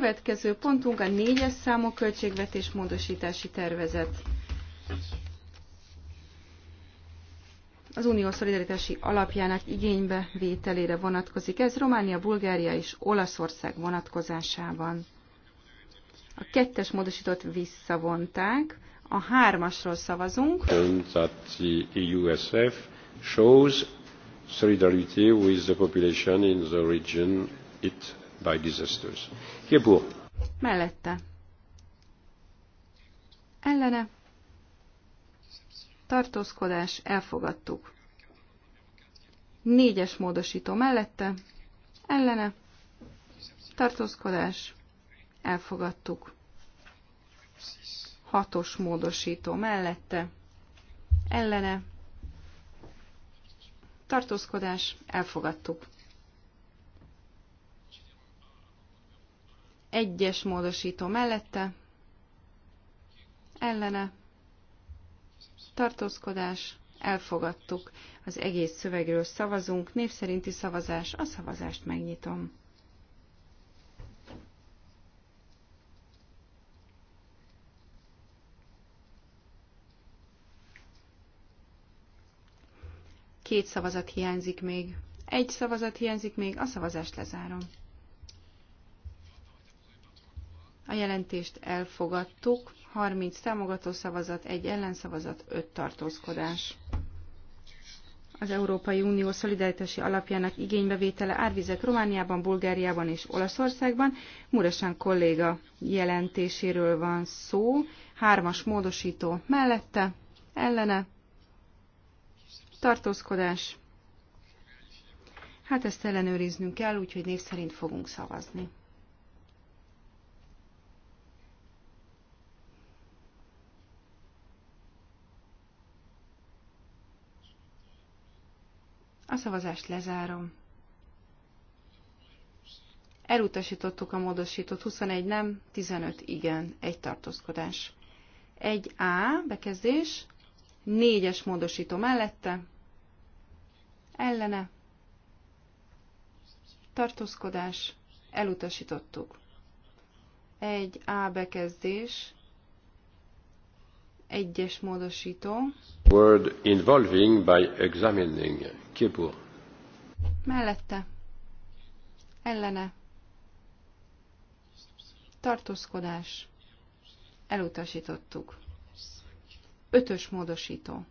Következő pontunk a négyes számú költségvetés módosítási tervezet. Az unió szolidaritási alapjának igénybe vételére vonatkozik. Ez Románia, Bulgária és Olaszország vonatkozásában. A kettes módosítót visszavonták, a hármasról szavazunk. solidarity with the population in the region it by disasters. Ki pour? Mellette. Ellene. Tartózkodás. Elfogadtuk. Négyes módosító mellette. Ellene. Tartózkodás. Elfogadtuk. Hatos módosító mellette. Ellene. Tartózkodás. Elfogadtuk. Egyes módosító mellette, ellene, tartózkodás, elfogadtuk. Az egész szövegről szavazunk, név szerinti szavazás, a szavazást megnyitom. Két szavazat hiányzik még. Egy szavazat hiányzik még, a szavazást lezárom. A jelentést elfogadtuk, 30 támogató szavazat, egy ellenszavazat, 5 tartózkodás. Az Európai Unió szolidaritási alapjának igénybevétele árvizek Romániában, Bulgáriában és Olaszországban. Muresán kolléga jelentéséről van szó. Hármas módosító mellette, ellene, tartózkodás. Hát ezt ellenőriznünk kell, úgyhogy név szerint fogunk szavazni. A szavazást lezárom. Elutasítottuk a módosított 21 nem, 15 igen, egy tartózkodás. 1A bekezdés, 4-es módosító mellette, ellene, tartózkodás, elutasítottuk. 1A bekezdés, egyes módosító. Word involving by examining. Ki Mellette. Ellene. Tartózkodás. Elutasítottuk. Ötös módosító.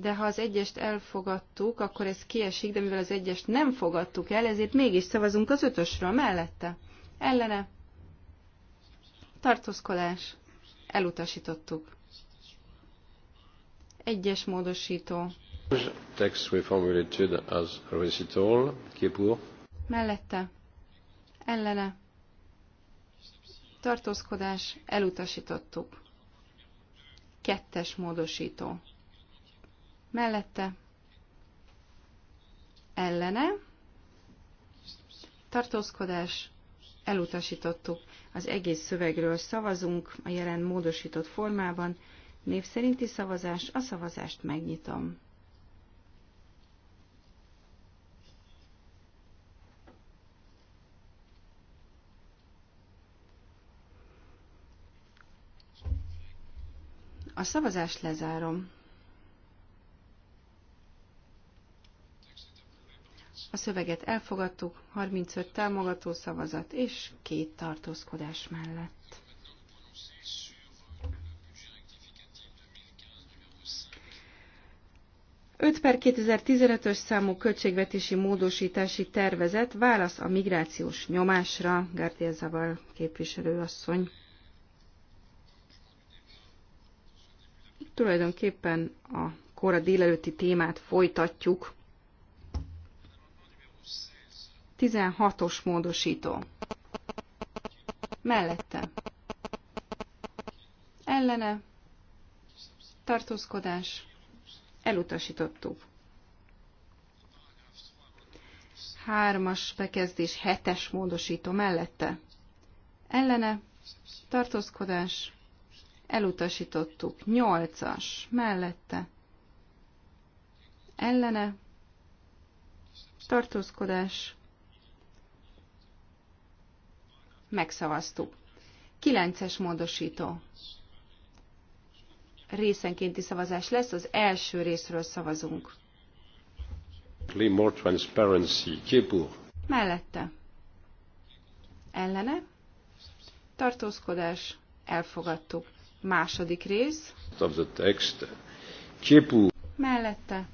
de ha az egyest elfogadtuk, akkor ez kiesik, de mivel az egyest nem fogadtuk el, ezért mégis szavazunk az ötösről mellette. Ellene tartózkodás, elutasítottuk. Egyes módosító. Text reformulated as recital, qui pour? Mellette, ellene, tartózkodás, elutasítottuk. Kettes módosító. Mellette, ellene, tartózkodás, elutasítottuk. Az egész szövegről szavazunk a jelen módosított formában. Név szerinti szavazás, a szavazást megnyitom. A szavazást lezárom. A szöveget elfogadtuk 35 támogató szavazat és két tartózkodás mellett. Öt per 2015-ös számú költségvetési módosítási tervezet válasz a migrációs nyomásra, Gárdia Zavar képviselőasszony. Tulajdonképpen a kora délelőtti témát folytatjuk, 16-os módosító. Mellette. Ellene. Tartózkodás. Elutasítottuk. Hármas bekezdés, hetes módosító mellette. Ellene. Tartózkodás. Elutasítottuk. Nyolcas. Mellette. Ellene. Tartózkodás Megszavaztuk. 9-es módosító. Részenkénti szavazás lesz, az első részről szavazunk. More transparency. Mellette. Ellene. Tartózkodás. Elfogadtuk. Második rész. Of the text. Mellette.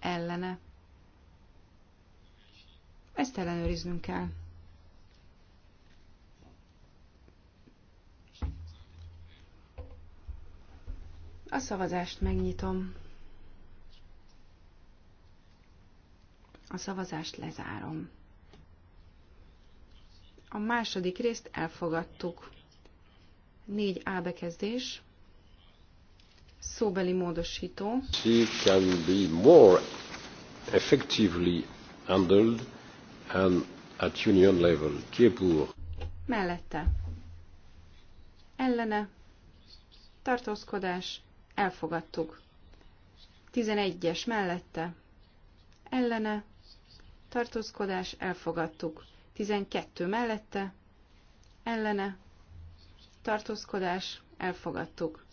Ellene. Ezt ellenőriznünk kell. A szavazást megnyitom. A szavazást lezárom. A második részt elfogadtuk. Négy a bekezdés. Szóbeli módosító. She can be more effectively handled and at union level. Qui est pour? Mellette. Ellene. Tartózkodás. Elfogadtuk. 11-es mellette. Ellene. Tartózkodás. Elfogadtuk. 12 mellette. Ellene. Tartózkodás. Elfogadtuk.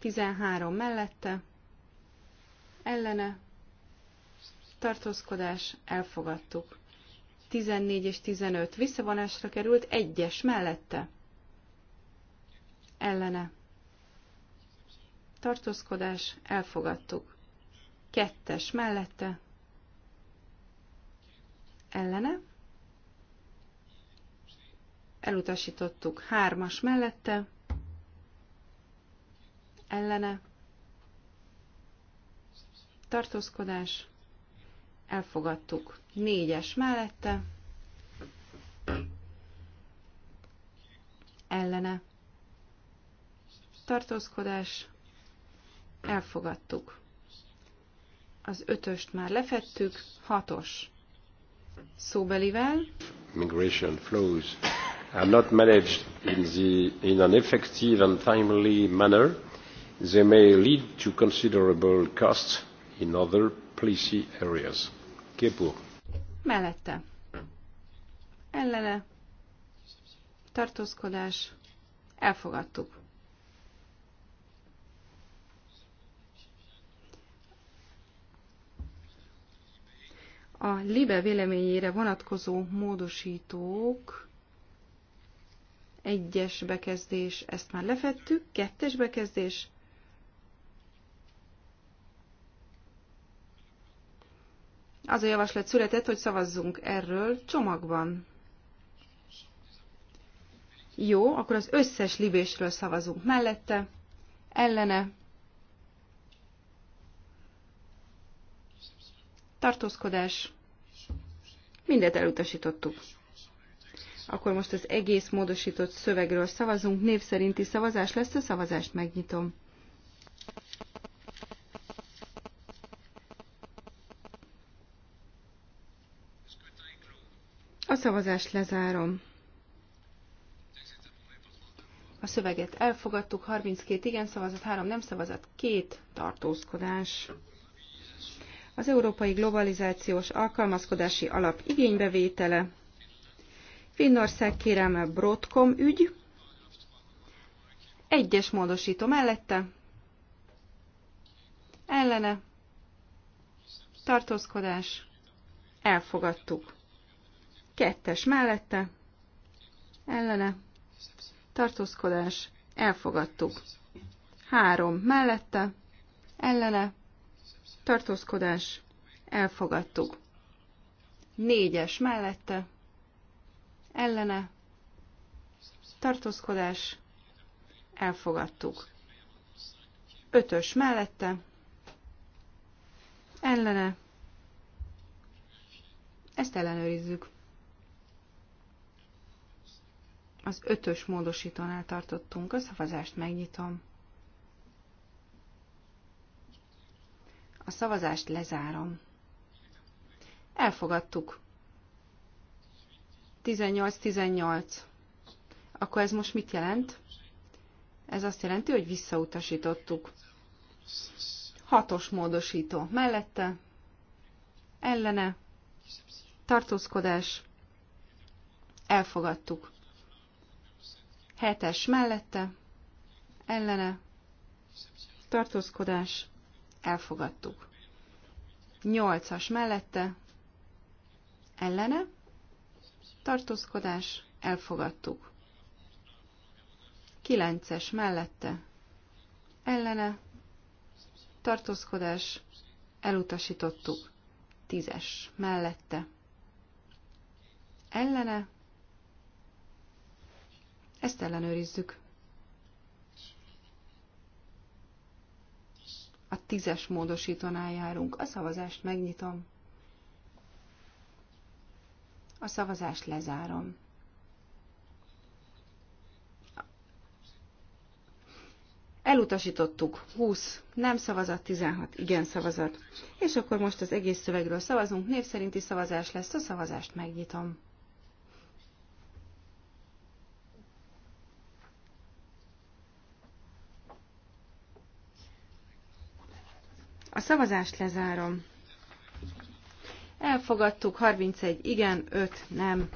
13 mellette. Ellene. Tartózkodás. Elfogadtuk. 14 és 15 visszavonásra került, egyes mellette. Ellene. Tartózkodás, elfogadtuk. Kettes mellette. Ellene. Elutasítottuk hármas mellette. Ellene. Tartózkodás, elfogadtuk. Négyes mellette, ellene, tartózkodás, elfogadtuk. Az ötöst már lefettük, hatos. Szóbelivel. Migration flows are not managed in, the, in an effective and timely manner. They may lead to considerable costs in other policy areas. Ki Mellette. Ellene. Tartózkodás. Elfogadtuk. A Libe véleményére vonatkozó módosítók egyes bekezdés, ezt már lefettük, kettes bekezdés, az a javaslat született, hogy szavazzunk erről csomagban. Jó, akkor az összes libésről szavazunk mellette, ellene, tartózkodás, mindet elutasítottuk. Akkor most az egész módosított szövegről szavazunk, név szerinti szavazás lesz, a szavazást megnyitom. szavazást lezárom. A szöveget elfogadtuk, 32 igen szavazat, 3 nem szavazat, 2 tartózkodás. Az Európai Globalizációs Alkalmazkodási Alap igénybevétele. Finnország kérelme Broadcom ügy. Egyes módosító mellette. Ellene. Tartózkodás. Elfogadtuk. Kettes mellette, ellene, tartózkodás, elfogadtuk. Három mellette, ellene, tartózkodás, elfogadtuk. Négyes mellette, ellene, tartózkodás, elfogadtuk. Ötös mellette, ellene, ezt ellenőrizzük. Az ötös módosítónál tartottunk, a szavazást megnyitom. A szavazást lezárom. Elfogadtuk. 18-18. Akkor ez most mit jelent? Ez azt jelenti, hogy visszautasítottuk. Hatos módosító. Mellette, ellene, tartózkodás, elfogadtuk. Hetes mellette, ellene, tartózkodás, elfogadtuk. Nyolcas mellette, ellene, tartózkodás, elfogadtuk. Kilences mellette, ellene, tartózkodás, elutasítottuk. Tízes mellette, ellene, ezt ellenőrizzük. A tízes módosítónál járunk. A szavazást megnyitom. A szavazást lezárom. Elutasítottuk 20 nem szavazat, 16 igen szavazat. És akkor most az egész szövegről szavazunk, név szerinti szavazás lesz, a szavazást megnyitom. A szavazást lezárom. Elfogadtuk 31 igen, 5 nem.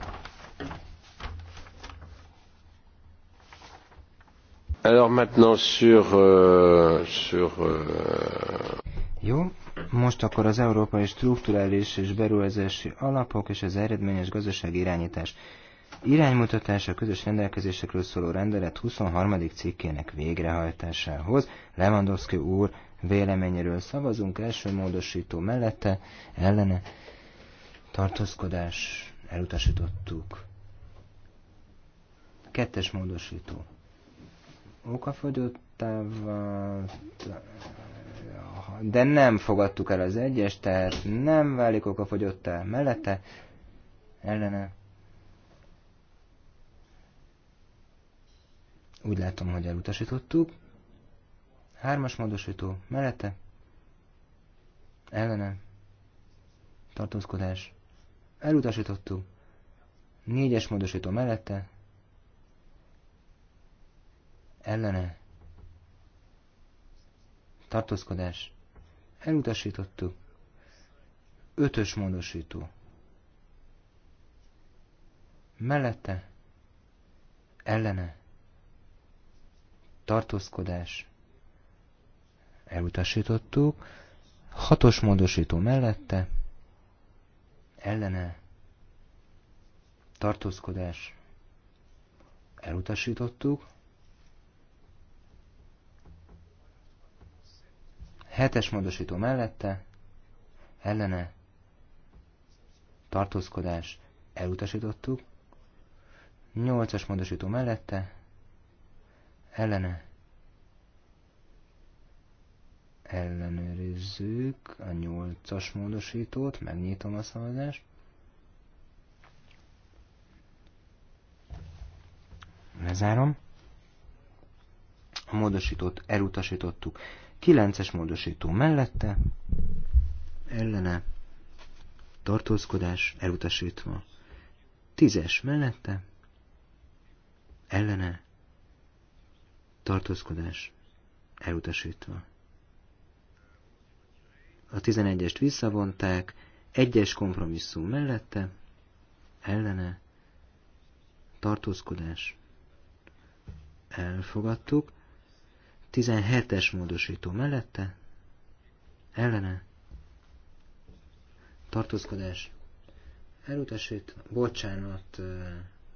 Alors maintenant sur, euh, sur euh, Jó, most akkor az európai strukturális és beruházási alapok és az eredményes gazdasági irányítás iránymutatása közös rendelkezésekről szóló rendelet 23. cikkének végrehajtásához. Lewandowski úr véleményéről szavazunk. Első módosító mellette, ellene, tartózkodás, elutasítottuk. Kettes módosító. Okafogyottával, de nem fogadtuk el az egyes, tehát nem válik okafogyottá mellette, ellene. Úgy látom, hogy elutasítottuk. Hármas módosító mellette, ellene, tartózkodás, elutasítottuk. Négyes módosító mellette, ellene, tartózkodás, elutasítottuk. Ötös módosító mellette, ellene, tartózkodás, elutasítottuk. Hatos módosító mellette, ellene, tartózkodás, elutasítottuk. Hetes módosító mellette, ellene, tartózkodás, elutasítottuk. Nyolcas módosító mellette, ellene, ellenőrizzük a 8-as módosítót, megnyitom a szavazást. Lezárom. A módosítót elutasítottuk. 9-es módosító mellette, ellene, tartózkodás elutasítva. 10-es mellette, ellene, tartózkodás elutasítva a 11-est visszavonták, egyes kompromisszum mellette, ellene, tartózkodás, elfogadtuk, 17-es módosító mellette, ellene, tartózkodás, elutasít, bocsánat,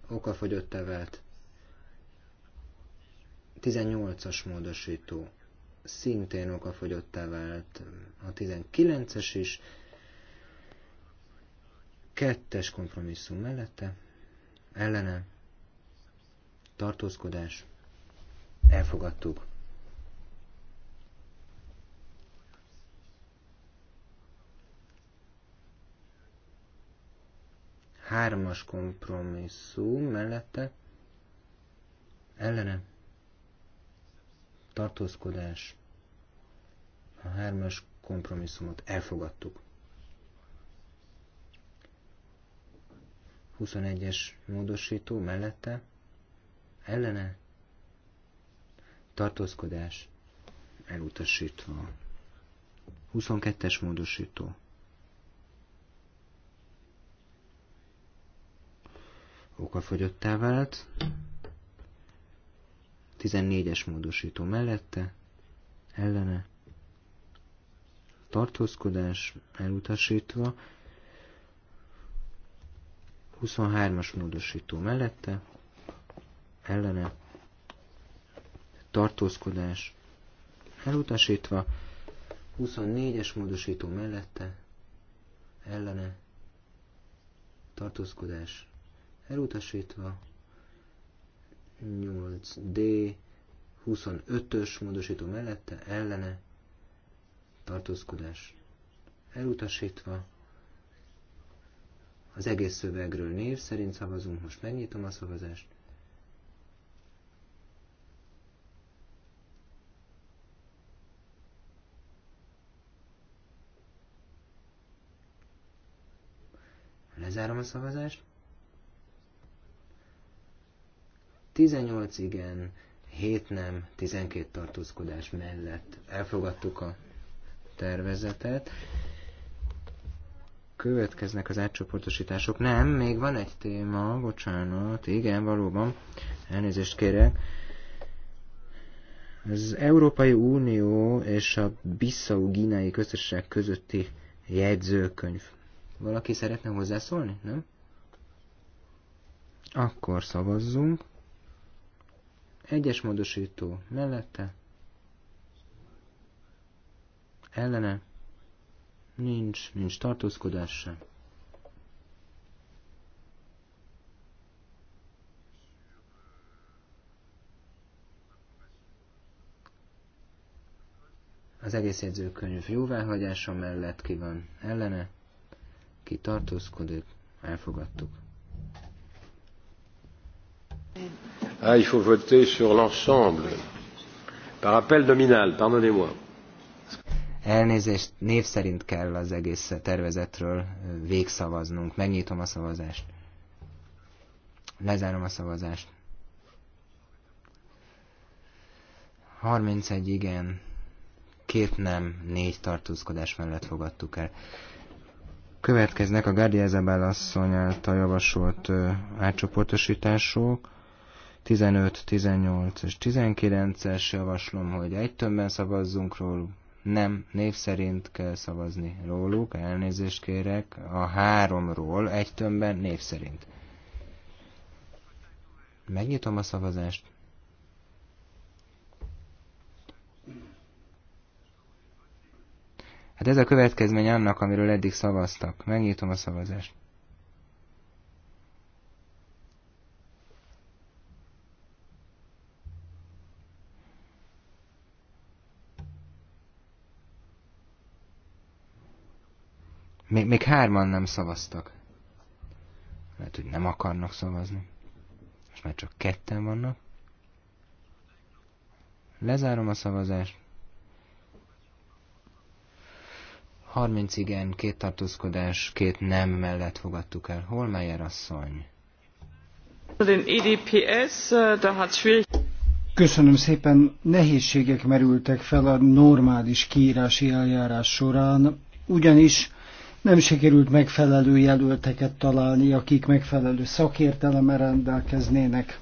okafogyott tevelt, 18-as módosító szintén okafogyottá vált a 19-es is, kettes kompromisszum mellette, ellene, tartózkodás, elfogadtuk. Hármas kompromisszum mellette, ellene, tartózkodás, a hármas kompromisszumot elfogadtuk. 21-es módosító mellette, ellene, tartózkodás, elutasítva. 22-es módosító. Okafogyottá vált. 14-es módosító mellette, ellene, tartózkodás elutasítva, 23-as módosító mellette, ellene, tartózkodás elutasítva, 24-es módosító mellette, ellene, tartózkodás elutasítva, 8D 25-ös módosító mellette ellene tartózkodás elutasítva. Az egész szövegről név szerint szavazunk, most megnyitom a szavazást. Lezárom a szavazást. 18 igen, 7 nem, 12 tartózkodás mellett elfogadtuk a tervezetet. Következnek az átcsoportosítások. Nem, még van egy téma, bocsánat, igen, valóban, elnézést kérek. Az Európai Unió és a Bissau-Gínai Köztársaság közötti jegyzőkönyv. Valaki szeretne hozzászólni, nem? Akkor szavazzunk. Egyes módosító mellette. Ellene. Nincs, nincs tartózkodás sem. Az egész jegyzőkönyv jóváhagyása mellett ki van ellene, ki tartózkodik, elfogadtuk. Ah, il faut voter sur l'ensemble. Par appel nominal, pardonnez-moi. Elnézést, név szerint kell az egész tervezetről végszavaznunk. Megnyitom a szavazást. Lezárom a szavazást. 31 igen, két nem, négy tartózkodás mellett fogadtuk el. Következnek a Gárdi Ezebel asszony által javasolt ö, átcsoportosítások. 15, 18 és 19-es javaslom, hogy egy tömbben szavazzunk róluk. Nem, név szerint kell szavazni róluk, elnézést kérek, a háromról egy tömbben név szerint. Megnyitom a szavazást. Hát ez a következmény annak, amiről eddig szavaztak. Megnyitom a szavazást. Még, még hárman nem szavaztak. Lehet, hogy nem akarnak szavazni. Most már csak ketten vannak. Lezárom a szavazást. 30 igen, két tartózkodás, két nem mellett fogadtuk el. Hol melyer asszony. E Köszönöm szépen. Nehézségek merültek fel a normális kiírási eljárás során, ugyanis nem sikerült megfelelő jelölteket találni, akik megfelelő szakértelemmel rendelkeznének.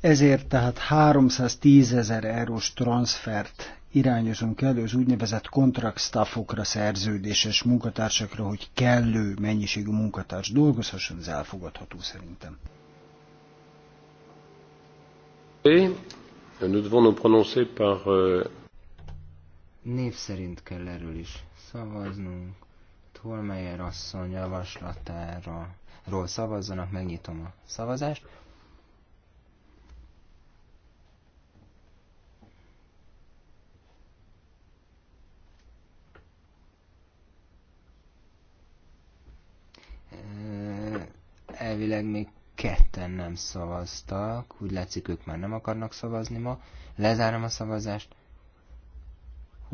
Ezért tehát 310 ezer eurós transfert irányozunk elő az úgynevezett staffokra, szerződéses munkatársakra, hogy kellő mennyiségű munkatárs dolgozhasson, ez elfogadható szerintem. Et nous devons nous prononcer par euh, Név szerint kell erről is szavaznunk. Tolmeyer asszony javaslatára ról szavazzanak, megnyitom a szavazást. Elvileg még ketten nem szavaztak, úgy látszik ők már nem akarnak szavazni ma. Lezárom a szavazást.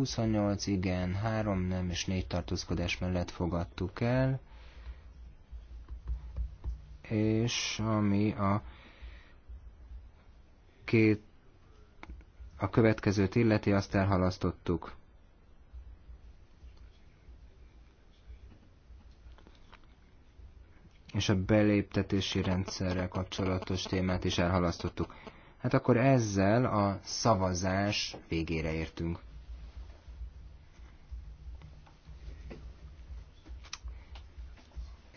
28 igen, 3 nem és 4 tartózkodás mellett fogadtuk el. És ami a két a következőt illeti, azt elhalasztottuk. És a beléptetési rendszerrel kapcsolatos témát is elhalasztottuk. Hát akkor ezzel a szavazás végére értünk.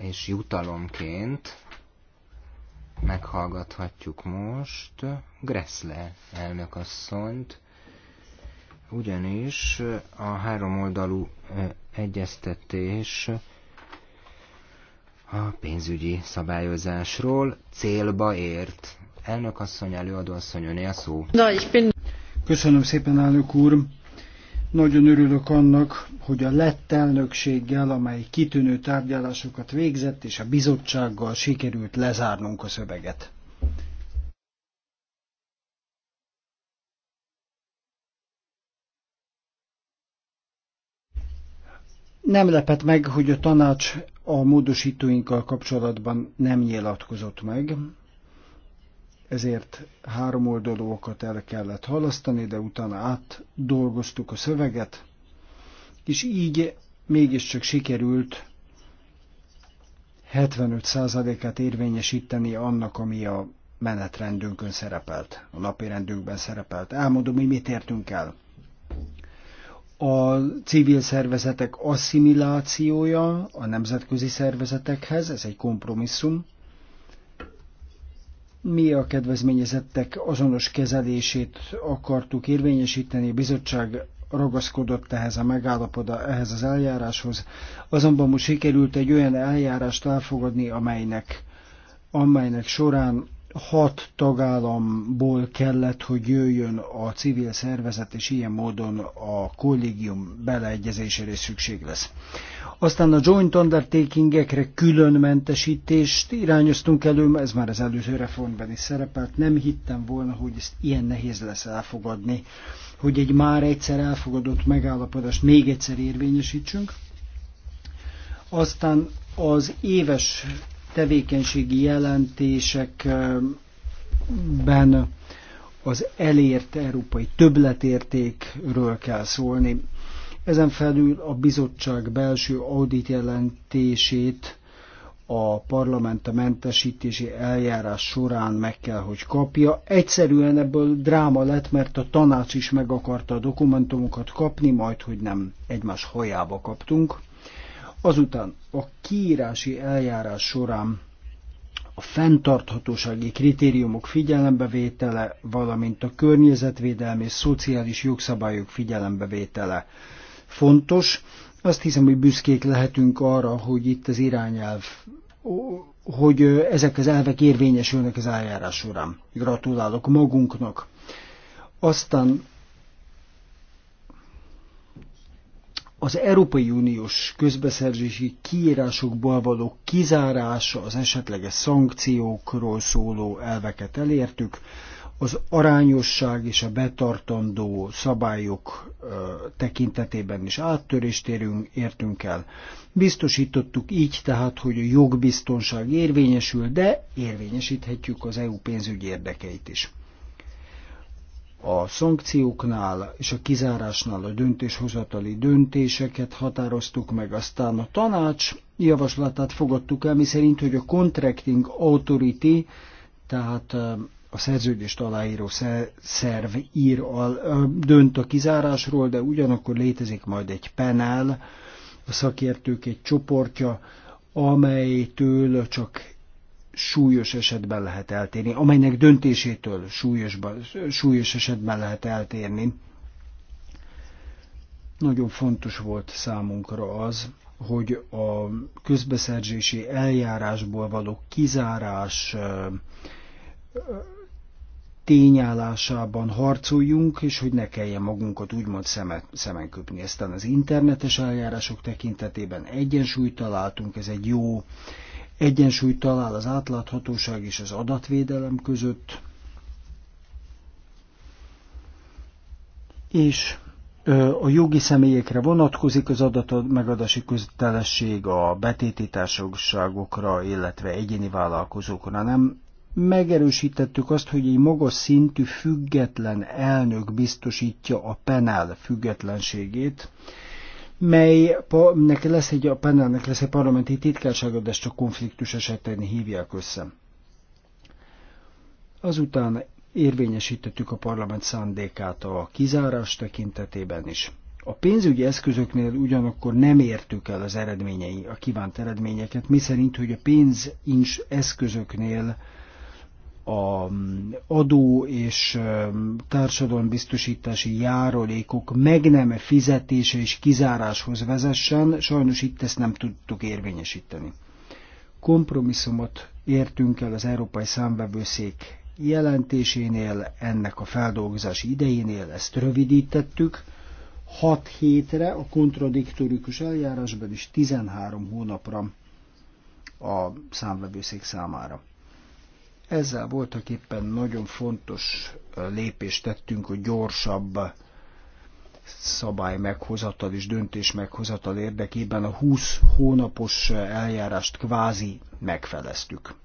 és jutalomként meghallgathatjuk most Gressle elnökasszonyt, ugyanis a háromoldalú egyeztetés a pénzügyi szabályozásról célba ért. Elnök asszony, előadó asszony, öné a szó. Köszönöm szépen, elnök úr! Nagyon örülök annak, hogy a lett elnökséggel, amely kitűnő tárgyalásokat végzett, és a bizottsággal sikerült lezárnunk a szöveget. Nem lepett meg, hogy a tanács a módosítóinkkal kapcsolatban nem nyilatkozott meg, ezért három oldalúakat el kellett halasztani, de utána átdolgoztuk a szöveget, és így mégiscsak sikerült 75%-át érvényesíteni annak, ami a menetrendünkön szerepelt, a napi rendünkben szerepelt. Elmondom, hogy mit értünk el. A civil szervezetek asszimilációja a nemzetközi szervezetekhez, ez egy kompromisszum, mi a kedvezményezettek azonos kezelését akartuk érvényesíteni, a bizottság ragaszkodott ehhez a megállapoda, ehhez az eljáráshoz, azonban most sikerült egy olyan eljárást elfogadni, amelynek, amelynek során hat tagállamból kellett, hogy jöjjön a civil szervezet, és ilyen módon a kollégium beleegyezésére szükség lesz. Aztán a joint undertakingekre külön mentesítést irányoztunk elő, ez már az előző reformban is szerepelt, nem hittem volna, hogy ezt ilyen nehéz lesz elfogadni, hogy egy már egyszer elfogadott megállapodást még egyszer érvényesítsünk. Aztán az éves tevékenységi jelentésekben az elért európai többletértékről kell szólni. Ezen felül a bizottság belső audit jelentését a parlament a mentesítési eljárás során meg kell, hogy kapja. Egyszerűen ebből dráma lett, mert a tanács is meg akarta a dokumentumokat kapni, majd hogy nem egymás hajába kaptunk. Azután a kiírási eljárás során a fenntarthatósági kritériumok figyelembevétele, valamint a környezetvédelmi és szociális jogszabályok figyelembevétele fontos. Azt hiszem, hogy büszkék lehetünk arra, hogy itt az irányelv, hogy ezek az elvek érvényesülnek az eljárás során. Gratulálok magunknak. Aztán az Európai Uniós közbeszerzési kiírásokból való kizárása, az esetleges szankciókról szóló elveket elértük, az arányosság és a betartandó szabályok tekintetében is áttörést érünk, értünk el. Biztosítottuk így tehát, hogy a jogbiztonság érvényesül, de érvényesíthetjük az EU pénzügyi érdekeit is a szankcióknál és a kizárásnál a döntéshozatali döntéseket határoztuk meg, aztán a tanács javaslatát fogadtuk el, miszerint, hogy a Contracting Authority, tehát a szerződést aláíró szerv ír, al, dönt a kizárásról, de ugyanakkor létezik majd egy panel, a szakértők egy csoportja, amelytől csak súlyos esetben lehet eltérni, amelynek döntésétől súlyosban, súlyos esetben lehet eltérni. Nagyon fontos volt számunkra az, hogy a közbeszerzési eljárásból való kizárás tényállásában harcoljunk, és hogy ne kelljen magunkat úgymond szemet, szemen köpni. Eztán az internetes eljárások tekintetében egyensúlyt találtunk, ez egy jó egyensúlyt talál az átláthatóság és az adatvédelem között, és a jogi személyekre vonatkozik az adat megadási kötelesség a betéti társaságokra, illetve egyéni vállalkozókra. Nem megerősítettük azt, hogy egy magas szintű független elnök biztosítja a penál függetlenségét, melynek lesz egy, a panelnek lesz egy parlamenti titkársága, de ezt csak konfliktus esetén hívják össze. Azután érvényesítettük a parlament szándékát a kizárás tekintetében is. A pénzügyi eszközöknél ugyanakkor nem értük el az eredményei, a kívánt eredményeket, miszerint, hogy a pénzins eszközöknél a mm, adó és mm, társadalombiztosítási járulékok meg nem fizetése és kizáráshoz vezessen, sajnos itt ezt nem tudtuk érvényesíteni. Kompromisszumot értünk el az Európai Számvevőszék jelentésénél, ennek a feldolgozási idejénél, ezt rövidítettük, 6 hétre a kontradiktorikus eljárásban is 13 hónapra a számvevőszék számára. Ezzel voltak éppen nagyon fontos lépést tettünk, hogy gyorsabb szabály meghozatal és döntés meghozatal érdekében a 20 hónapos eljárást kvázi megfeleztük.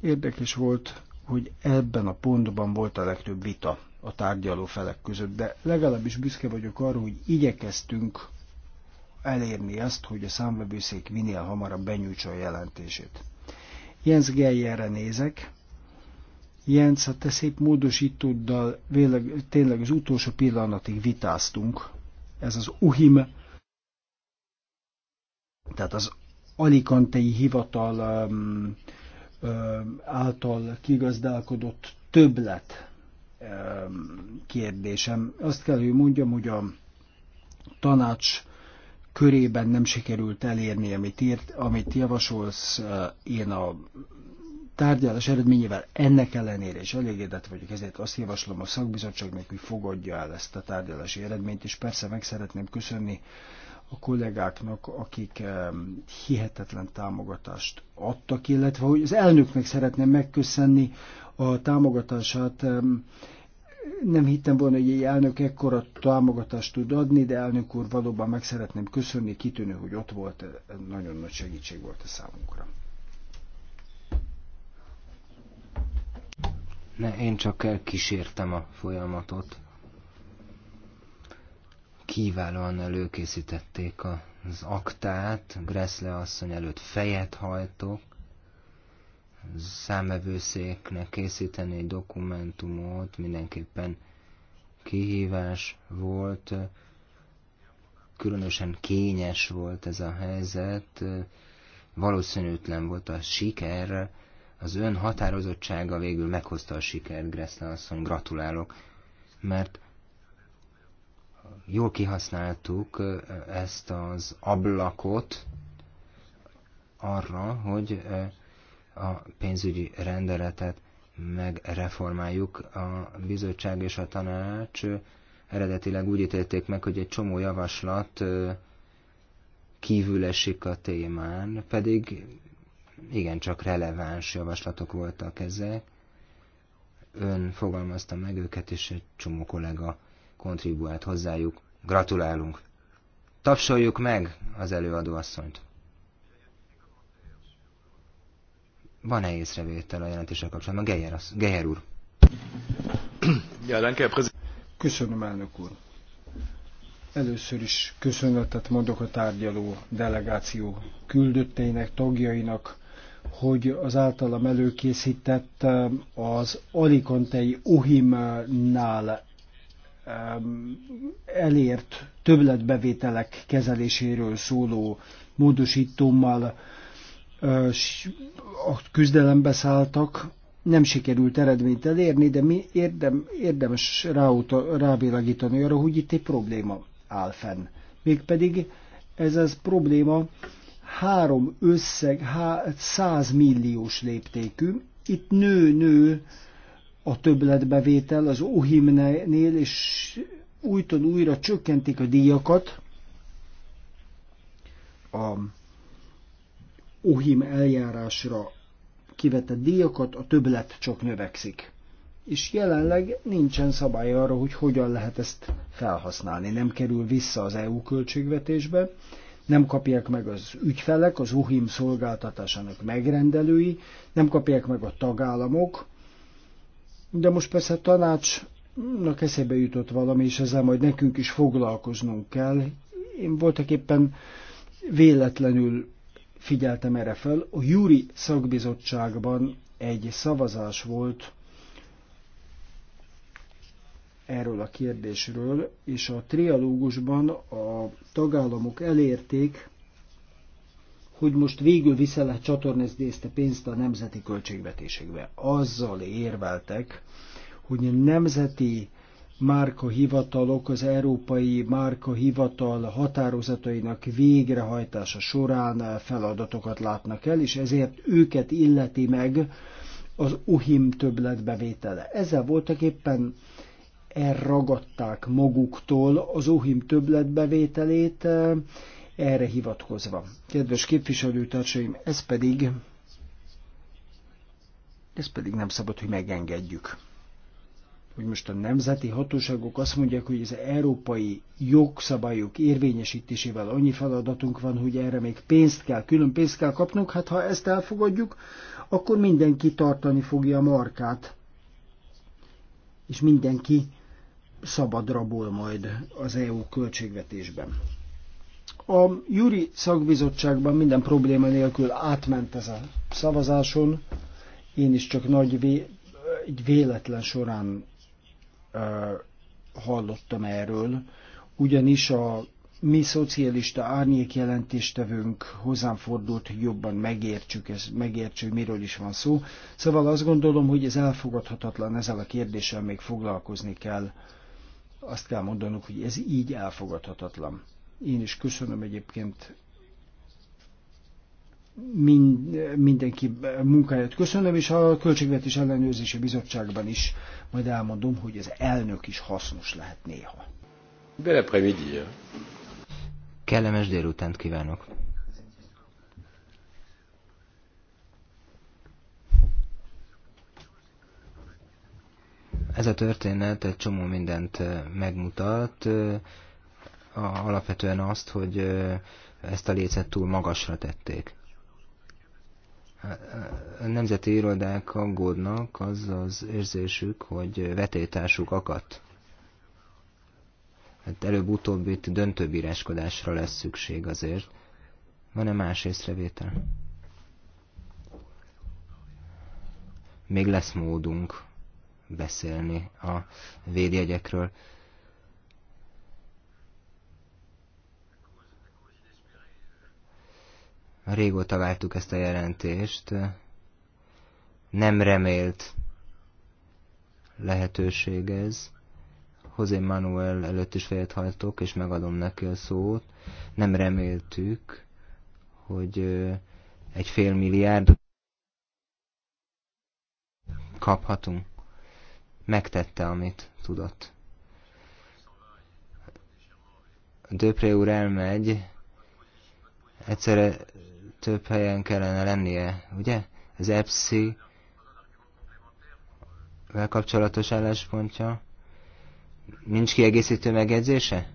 Érdekes volt, hogy ebben a pontban volt a legtöbb vita a tárgyaló felek között, de legalábbis büszke vagyok arra, hogy igyekeztünk elérni azt, hogy a számvevőszék minél hamarabb benyújtsa a jelentését. Jens Geyerre nézek. Jens, a hát te szép módosítóddal véleg, tényleg az utolsó pillanatig vitáztunk. Ez az UHIM, tehát az Alicantei Hivatal um, um, által kigazdálkodott többlet um, kérdésem. Azt kell, hogy mondjam, hogy a tanács körében nem sikerült elérni, amit, írt, amit javasolsz. Eh, én a tárgyalás eredményével ennek ellenére is elégedett vagyok, ezért azt javaslom a szakbizottságnak, hogy fogadja el ezt a tárgyalási eredményt, és persze meg szeretném köszönni a kollégáknak, akik eh, hihetetlen támogatást adtak, illetve hogy az elnöknek szeretném megköszönni a támogatását, eh, nem hittem volna, hogy egy elnök ekkora támogatást tud adni, de elnök úr valóban meg szeretném köszönni, kitűnő, hogy ott volt, nagyon nagy segítség volt a számunkra. Ne, én csak elkísértem a folyamatot. Kiválóan előkészítették az aktát, Gressle asszony előtt fejet hajtok, számevőszéknek készíteni egy dokumentumot mindenképpen kihívás volt, különösen kényes volt ez a helyzet, valószínűtlen volt a siker, az ön határozottsága végül meghozta a sikert, Gressle asszony, gratulálok, mert jól kihasználtuk ezt az ablakot arra, hogy eh, a pénzügyi rendeletet megreformáljuk. A bizottság és a tanács eredetileg úgy ítélték meg, hogy egy csomó javaslat kívül esik a témán, pedig igencsak releváns javaslatok voltak ezek. Ön fogalmazta meg őket, és egy csomó kollega kontribuált hozzájuk. Gratulálunk! Tapsoljuk meg az előadóasszonyt! Van-e észrevétel a jelentéssel kapcsolatban? Geyer, Geyer úr. Köszönöm, elnök úr. Először is köszönetet mondok a tárgyaló delegáció küldötteinek, tagjainak, hogy az általam előkészített um, az Alicantei Ohimnál um, elért többletbevételek kezeléséről szóló módosítómmal a küzdelembe szálltak, nem sikerült eredményt elérni, de mi érdem, érdemes ráuta, rávilágítani arra, hogy itt egy probléma áll fenn. Mégpedig ez az probléma három összeg, há, 100 milliós léptékű. Itt nő-nő a többletbevétel az Ohimnél, és újton újra csökkentik a díjakat, a ohim eljárásra kivetett díjakat, a többlet csak növekszik. És jelenleg nincsen szabály arra, hogy hogyan lehet ezt felhasználni. Nem kerül vissza az EU költségvetésbe, nem kapják meg az ügyfelek, az UHIM szolgáltatásának megrendelői, nem kapják meg a tagállamok, de most persze a tanácsnak eszébe jutott valami, és ezzel majd nekünk is foglalkoznunk kell. Én voltak éppen véletlenül figyeltem erre fel. A Júri szakbizottságban egy szavazás volt erről a kérdésről, és a trialógusban a tagállamok elérték, hogy most végül vissza lehet csatornázni ezt a pénzt a nemzeti költségvetésekbe. Azzal érveltek, hogy a nemzeti hivatalok az Európai hivatal határozatainak végrehajtása során feladatokat látnak el, és ezért őket illeti meg az UHIM bevétele. Ezzel voltak éppen elragadták maguktól az UHIM bevételét erre hivatkozva. Kedves képviselőtársaim, ez pedig, ez pedig nem szabad, hogy megengedjük hogy most a nemzeti hatóságok azt mondják, hogy az európai jogszabályok érvényesítésével annyi feladatunk van, hogy erre még pénzt kell, külön pénzt kell kapnunk, hát ha ezt elfogadjuk, akkor mindenki tartani fogja a markát, és mindenki szabad rabol majd az EU költségvetésben. A Júri szakbizottságban minden probléma nélkül átment ez a szavazáson, én is csak nagy vé- egy véletlen során hallottam erről, ugyanis a mi szocialista árnyék jelentéstevőnk hozzám fordult, hogy jobban megértsük, ez, megértsük, hogy miről is van szó. Szóval azt gondolom, hogy ez elfogadhatatlan, ezzel a kérdéssel még foglalkozni kell. Azt kell mondanunk, hogy ez így elfogadhatatlan. Én is köszönöm egyébként mind, mindenki munkáját köszönöm, és a Költségvetés Ellenőrzési Bizottságban is majd elmondom, hogy az elnök is hasznos lehet néha. Kellemes délutánt kívánok. Ez a történet egy csomó mindent megmutat, alapvetően azt, hogy ezt a lécet túl magasra tették nemzeti irodák aggódnak, az az érzésük, hogy vetétársuk akadt. Hát előbb-utóbb itt döntőbb íráskodásra lesz szükség azért. Van-e más észrevétel? Még lesz módunk beszélni a védjegyekről. Régóta vártuk ezt a jelentést. Nem remélt lehetőség ez. José Manuel előtt is fejet hajtok, és megadom neki a szót. Nem reméltük, hogy egy fél milliárd kaphatunk. Megtette, amit tudott. Döpré úr elmegy, egyszerre több helyen kellene lennie, ugye? Az EPSI vel kapcsolatos álláspontja. Nincs kiegészítő megjegyzése?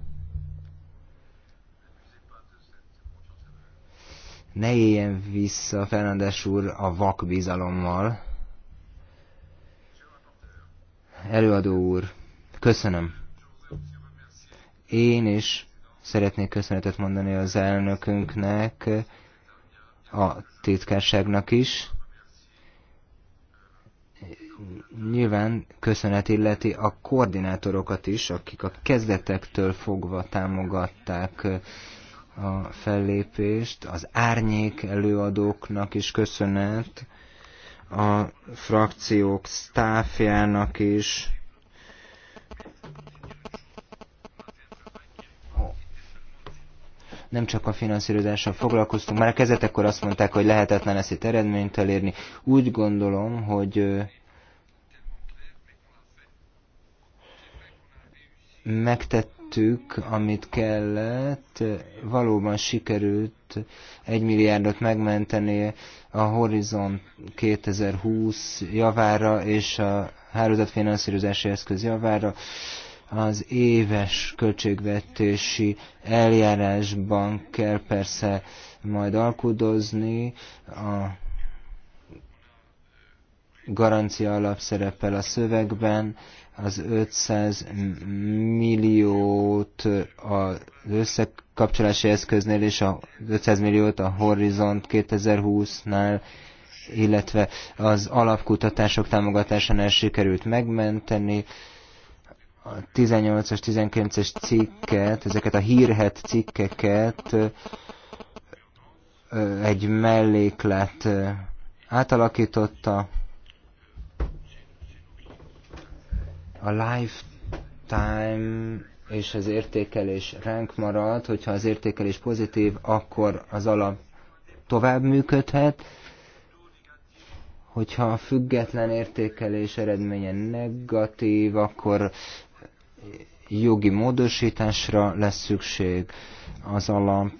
Ne éljen vissza Fernandes úr a vakbizalommal. Előadó úr, köszönöm. Én is szeretnék köszönetet mondani az elnökünknek, a titkárságnak is. Nyilván köszönet illeti a koordinátorokat is, akik a kezdetektől fogva támogatták a fellépést, az árnyék előadóknak is köszönet, a frakciók sztáfjának is, nem csak a finanszírozással foglalkoztunk, már a kezetekkor azt mondták, hogy lehetetlen ezt itt eredményt elérni. Úgy gondolom, hogy megtettük, amit kellett, valóban sikerült egy milliárdot megmenteni a Horizon 2020 javára és a hálózatfinanszírozási eszköz javára. Az éves költségvetési eljárásban kell persze majd alkudozni, a garancia alap szerepel a szövegben, az 500 milliót az összekapcsolási eszköznél és a 500 milliót a Horizont 2020-nál, illetve az alapkutatások támogatásánál sikerült megmenteni, a 18-as, 19-es cikket, ezeket a hírhet cikkeket egy melléklet átalakította. A lifetime és az értékelés ránk marad, hogyha az értékelés pozitív, akkor az alap tovább működhet, hogyha a független értékelés eredménye negatív, akkor jogi módosításra lesz szükség, az alap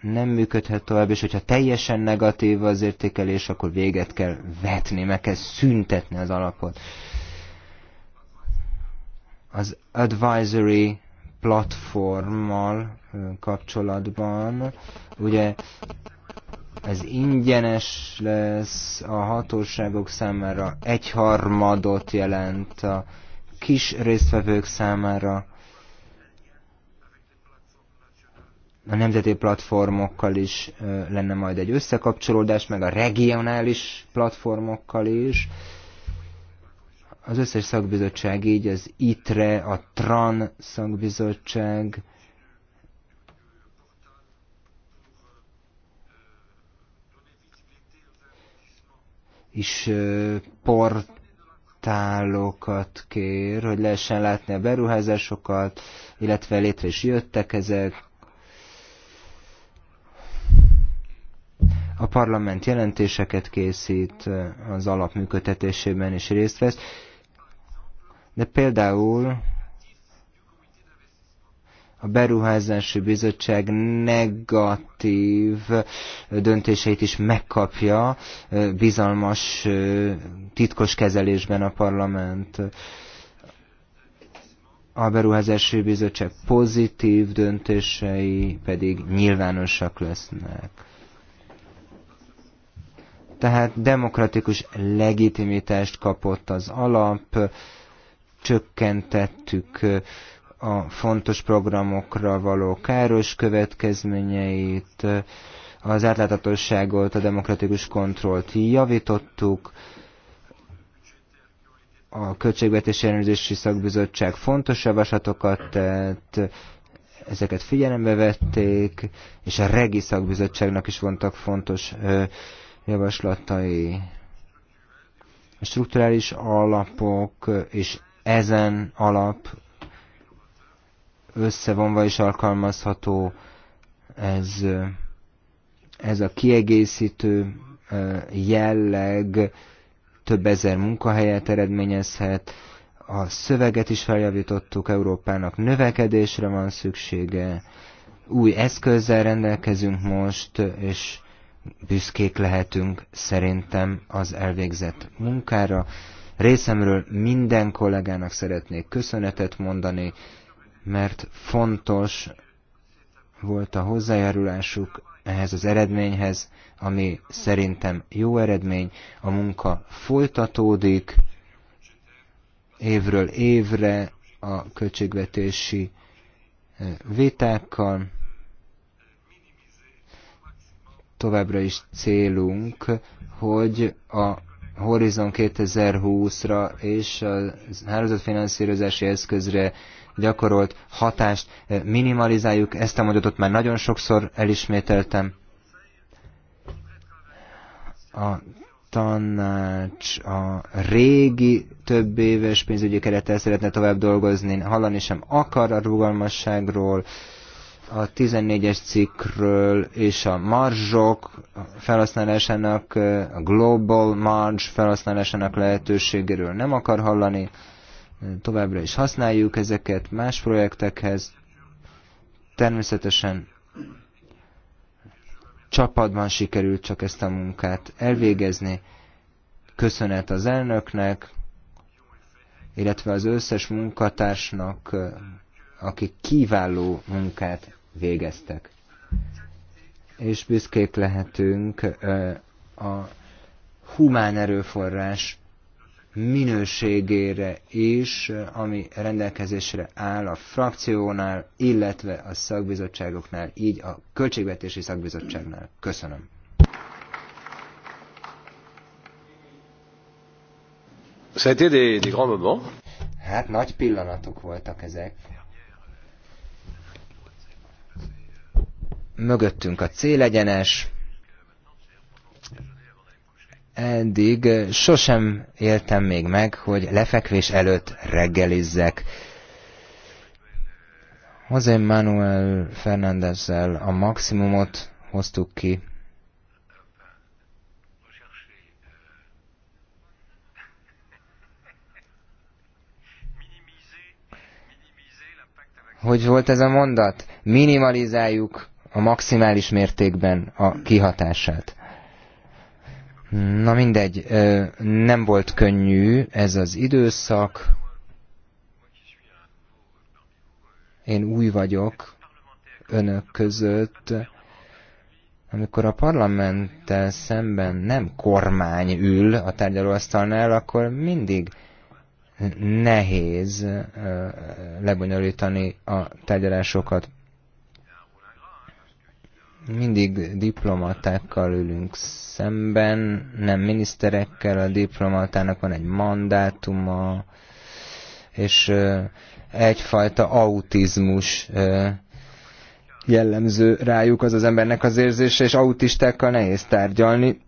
nem működhet tovább, és hogyha teljesen negatív az értékelés, akkor véget kell vetni, meg kell szüntetni az alapot. Az advisory platformmal kapcsolatban, ugye ez ingyenes lesz a hatóságok számára, egyharmadot jelent a kis résztvevők számára, a nemzeti platformokkal is lenne majd egy összekapcsolódás, meg a regionális platformokkal is. Az összes szakbizottság így, az ITRE, a TRAN szakbizottság, is port tálokat kér, hogy lehessen látni a beruházásokat, illetve létre is jöttek ezek. A parlament jelentéseket készít, az alapműködtetésében is részt vesz. De például a beruházási bizottság negatív döntéseit is megkapja bizalmas titkos kezelésben a parlament. A beruházási bizottság pozitív döntései pedig nyilvánosak lesznek. Tehát demokratikus legitimitást kapott az alap, csökkentettük a fontos programokra való káros következményeit, az átláthatóságot, a demokratikus kontrollt javítottuk, a Költségvetési Ellenőrzési Szakbizottság fontos javaslatokat tett, ezeket figyelembe vették, és a Regi Szakbizottságnak is vontak fontos javaslatai. A strukturális alapok és ezen alap összevonva is alkalmazható ez, ez a kiegészítő jelleg több ezer munkahelyet eredményezhet, a szöveget is feljavítottuk, Európának növekedésre van szüksége, új eszközzel rendelkezünk most, és büszkék lehetünk szerintem az elvégzett munkára. Részemről minden kollégának szeretnék köszönetet mondani, mert fontos volt a hozzájárulásuk ehhez az eredményhez, ami szerintem jó eredmény. A munka folytatódik évről évre a költségvetési eh, vitákkal. Továbbra is célunk, hogy a Horizon 2020-ra és a hálózatfinanszírozási eszközre gyakorolt hatást eh, minimalizáljuk. Ezt a mondatot már nagyon sokszor elismételtem. A tanács a régi több éves pénzügyi kerettel szeretne tovább dolgozni, hallani sem akar a rugalmasságról, a 14-es cikkről és a marzsok felhasználásának, eh, a global marge felhasználásának lehetőségéről nem akar hallani továbbra is használjuk ezeket más projektekhez. Természetesen csapatban sikerült csak ezt a munkát elvégezni. Köszönet az elnöknek, illetve az összes munkatársnak, akik kiváló munkát végeztek. És büszkék lehetünk a humán erőforrás minőségére is, ami rendelkezésre áll a frakciónál, illetve a szakbizottságoknál, így a költségvetési szakbizottságnál. Köszönöm. Hát nagy pillanatok voltak ezek. Mögöttünk a célegyenes, eddig eh, sosem éltem még meg, hogy lefekvés előtt reggelizzek. José Manuel Fernándezzel a maximumot hoztuk ki. Hogy volt ez a mondat? Minimalizáljuk a maximális mértékben a kihatását. Na mindegy, nem volt könnyű ez az időszak. Én új vagyok önök között, amikor a parlamenttel szemben nem kormány ül a tárgyalóasztalnál, akkor mindig nehéz lebonyolítani a tárgyalásokat mindig diplomatákkal ülünk szemben, nem miniszterekkel, a diplomatának van egy mandátuma, és egyfajta autizmus jellemző rájuk az az embernek az érzése, és autistákkal nehéz tárgyalni.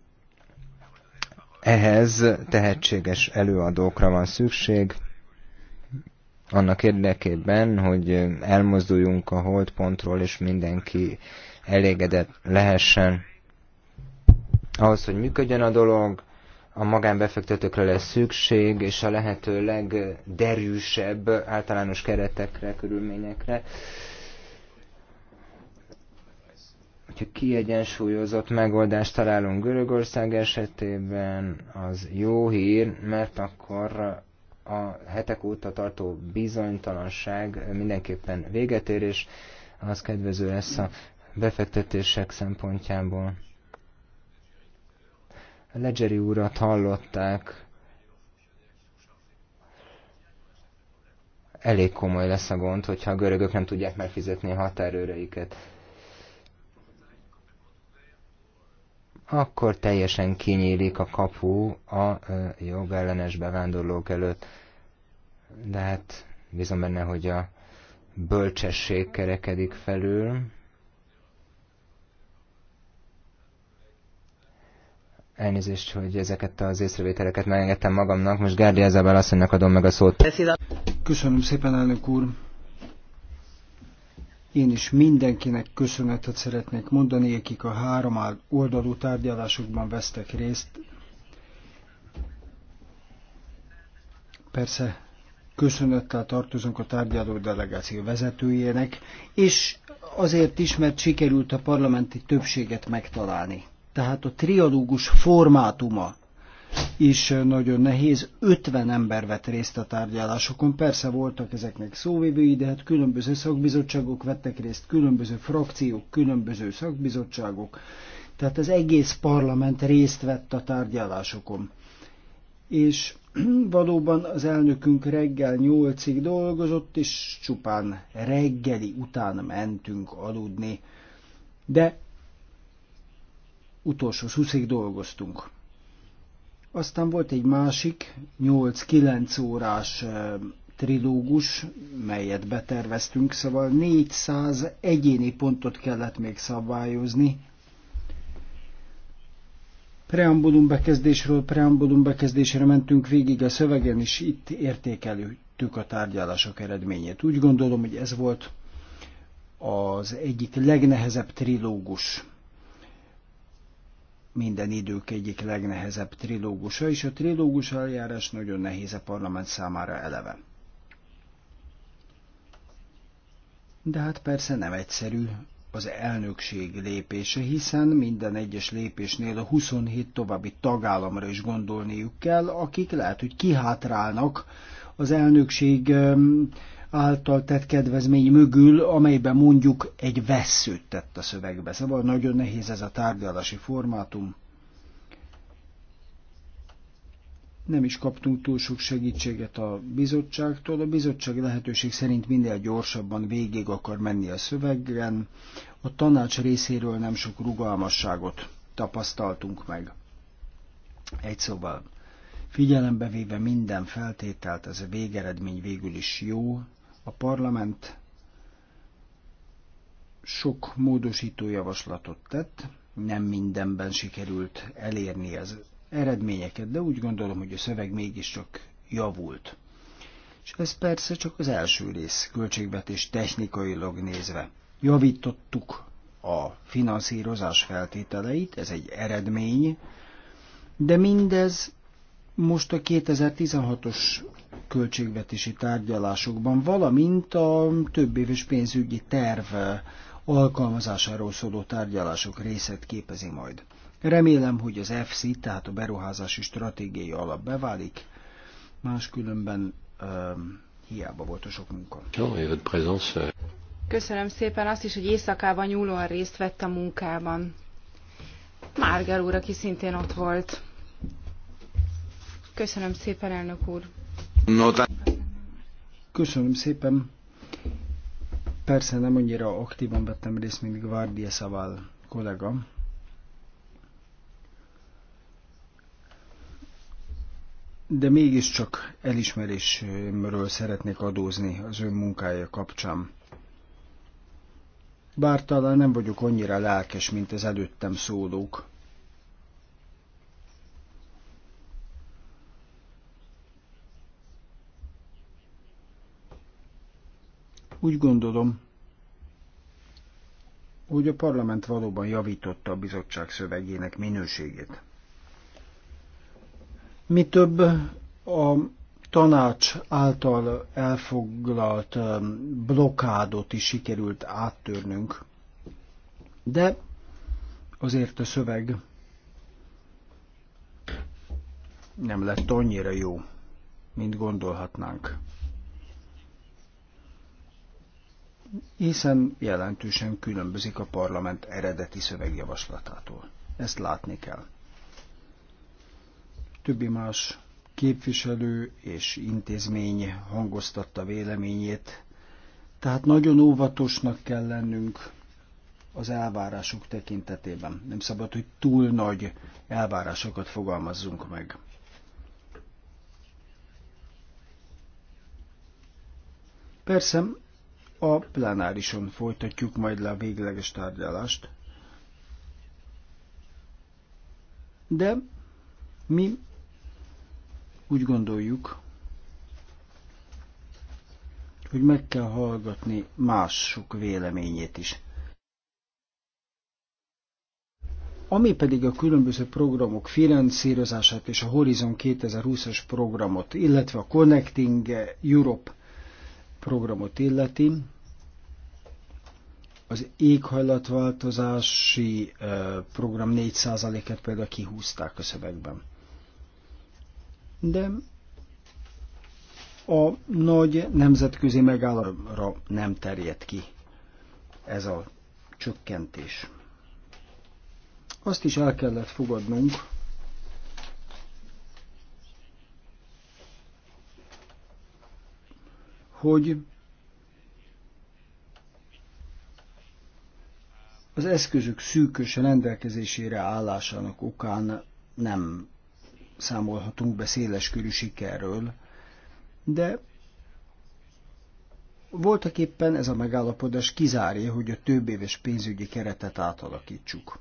Ehhez tehetséges előadókra van szükség, annak érdekében, hogy elmozduljunk a holdpontról, és mindenki elégedett lehessen. Ahhoz, hogy működjön a dolog, a magánbefektetőkre lesz szükség, és a lehető legderűsebb általános keretekre, körülményekre. Hogyha kiegyensúlyozott megoldást találunk Görögország esetében, az jó hír, mert akkor a hetek óta tartó bizonytalanság mindenképpen véget ér, és az kedvező lesz a befektetések szempontjából. A Ledgeri úrat hallották, elég komoly lesz a gond, hogyha a görögök nem tudják megfizetni a határőreiket. Akkor teljesen kinyílik a kapu a jogellenes bevándorlók előtt. De hát bízom benne, hogy a bölcsesség kerekedik felül. Elnézést, hogy ezeket az észrevételeket megengedtem magamnak. Most Gárdi Ezabel asszonynak adom meg a szót. Köszönöm szépen, elnök úr. Én is mindenkinek köszönetet szeretnék mondani, akik a három oldalú tárgyalásokban vesztek részt. Persze köszönettel tartozunk a tárgyaló delegáció vezetőjének, és azért is, mert sikerült a parlamenti többséget megtalálni tehát a trialógus formátuma is nagyon nehéz. 50 ember vett részt a tárgyalásokon. Persze voltak ezeknek szóvivői, de hát különböző szakbizottságok vettek részt, különböző frakciók, különböző szakbizottságok. Tehát az egész parlament részt vett a tárgyalásokon. És valóban az elnökünk reggel nyolcig dolgozott, és csupán reggeli után mentünk aludni. De utolsó szuszig dolgoztunk. Aztán volt egy másik, 8-9 órás trilógus, melyet beterveztünk, szóval 400 egyéni pontot kellett még szabályozni. Preambulum bekezdésről preambulum bekezdésre mentünk végig a szövegen, és itt értékelőtük a tárgyalások eredményét. Úgy gondolom, hogy ez volt az egyik legnehezebb trilógus minden idők egyik legnehezebb trilógusa, és a trilógus eljárás nagyon nehéz a parlament számára eleve. De hát persze nem egyszerű az elnökség lépése, hiszen minden egyes lépésnél a 27 további tagállamra is gondolniuk kell, akik lehet, hogy kihátrálnak az elnökség által tett kedvezmény mögül, amelyben mondjuk egy veszőt tett a szövegbe. Szóval nagyon nehéz ez a tárgyalási formátum. Nem is kaptunk túl sok segítséget a bizottságtól. A bizottság lehetőség szerint minél gyorsabban végig akar menni a szövegen. A tanács részéről nem sok rugalmasságot tapasztaltunk meg. Egy szóval, figyelembe véve minden feltételt, ez a végeredmény végül is jó, a parlament sok módosító javaslatot tett, nem mindenben sikerült elérni az eredményeket, de úgy gondolom, hogy a szöveg mégiscsak javult. És ez persze csak az első rész költségvetés technikailag nézve. Javítottuk a finanszírozás feltételeit, ez egy eredmény, de mindez most a 2016-os költségvetési tárgyalásokban, valamint a több éves pénzügyi terv alkalmazásáról szóló tárgyalások részét képezi majd. Remélem, hogy az FC, tehát a beruházási stratégiai alap beválik, máskülönben um, hiába volt a sok munka. Euh, Köszönöm szépen azt is, hogy éjszakában nyúlóan részt vett a munkában. Márgel úr, aki szintén ott volt. Köszönöm szépen, elnök úr. Köszönöm szépen. Persze nem annyira aktívan vettem részt, mint Guardia Szaval kollega. De mégiscsak elismerésről szeretnék adózni az ön munkája kapcsán. Bár talán nem vagyok annyira lelkes, mint az előttem szólók Úgy gondolom, hogy a parlament valóban javította a bizottság szövegének minőségét. Mi több a tanács által elfoglalt um, blokádot is sikerült áttörnünk, de azért a szöveg nem lett annyira jó, mint gondolhatnánk. hiszen jelentősen különbözik a parlament eredeti szövegjavaslatától. Ezt látni kell. Többi más képviselő és intézmény hangoztatta véleményét, tehát nagyon óvatosnak kell lennünk az elvárások tekintetében. Nem szabad, hogy túl nagy elvárásokat fogalmazzunk meg. Persze a plenárison folytatjuk majd le a végleges tárgyalást. De mi úgy gondoljuk, hogy meg kell hallgatni mások véleményét is. Ami pedig a különböző programok finanszírozását és a Horizon 2020-as programot, illetve a Connecting Europe programot illeti, az éghajlatváltozási program 4%-et például kihúzták a szövegben. De a nagy nemzetközi megállapra nem terjed ki ez a csökkentés. Azt is el kellett fogadnunk, hogy az eszközök szűkös rendelkezésére állásának okán nem számolhatunk be széleskörű sikerről, de voltak éppen ez a megállapodás kizárja, hogy a több éves pénzügyi keretet átalakítsuk.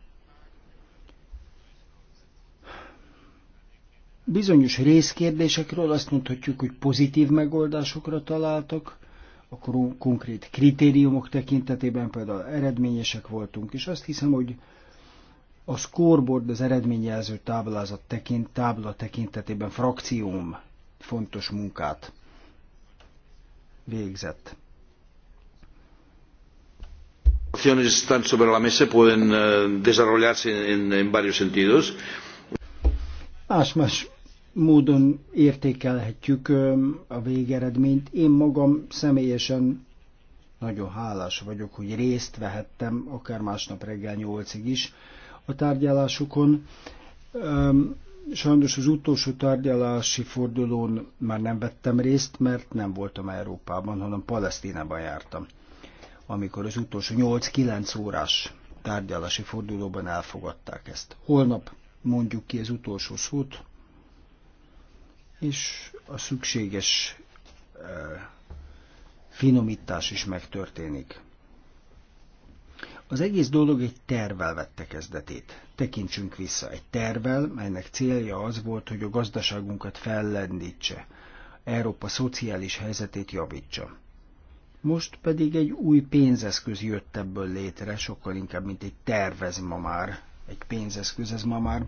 Bizonyos részkérdésekről azt mondhatjuk, hogy pozitív megoldásokra találtak, a konkrét kritériumok tekintetében például eredményesek voltunk, és azt hiszem, hogy a scoreboard, az eredményjelző táblázat tekint, tábla tekintetében frakcióm fontos munkát végzett. están sobre la mesa pueden eh, desarrollarse en, en varios sentidos. Más-más módon értékelhetjük a végeredményt. Én magam személyesen nagyon hálás vagyok, hogy részt vehettem, akár másnap reggel nyolcig is a tárgyalásokon. Sajnos az utolsó tárgyalási fordulón már nem vettem részt, mert nem voltam Európában, hanem Palesztinában jártam, amikor az utolsó 8-9 órás tárgyalási fordulóban elfogadták ezt. Holnap mondjuk ki az utolsó szót, és a szükséges finomítás is megtörténik. Az egész dolog egy tervvel vette kezdetét. Tekintsünk vissza egy tervvel, melynek célja az volt, hogy a gazdaságunkat fellendítse, Európa szociális helyzetét javítsa. Most pedig egy új pénzeszköz jött ebből létre, sokkal inkább, mint egy tervez ma már. Egy pénzeszköz ez ma már.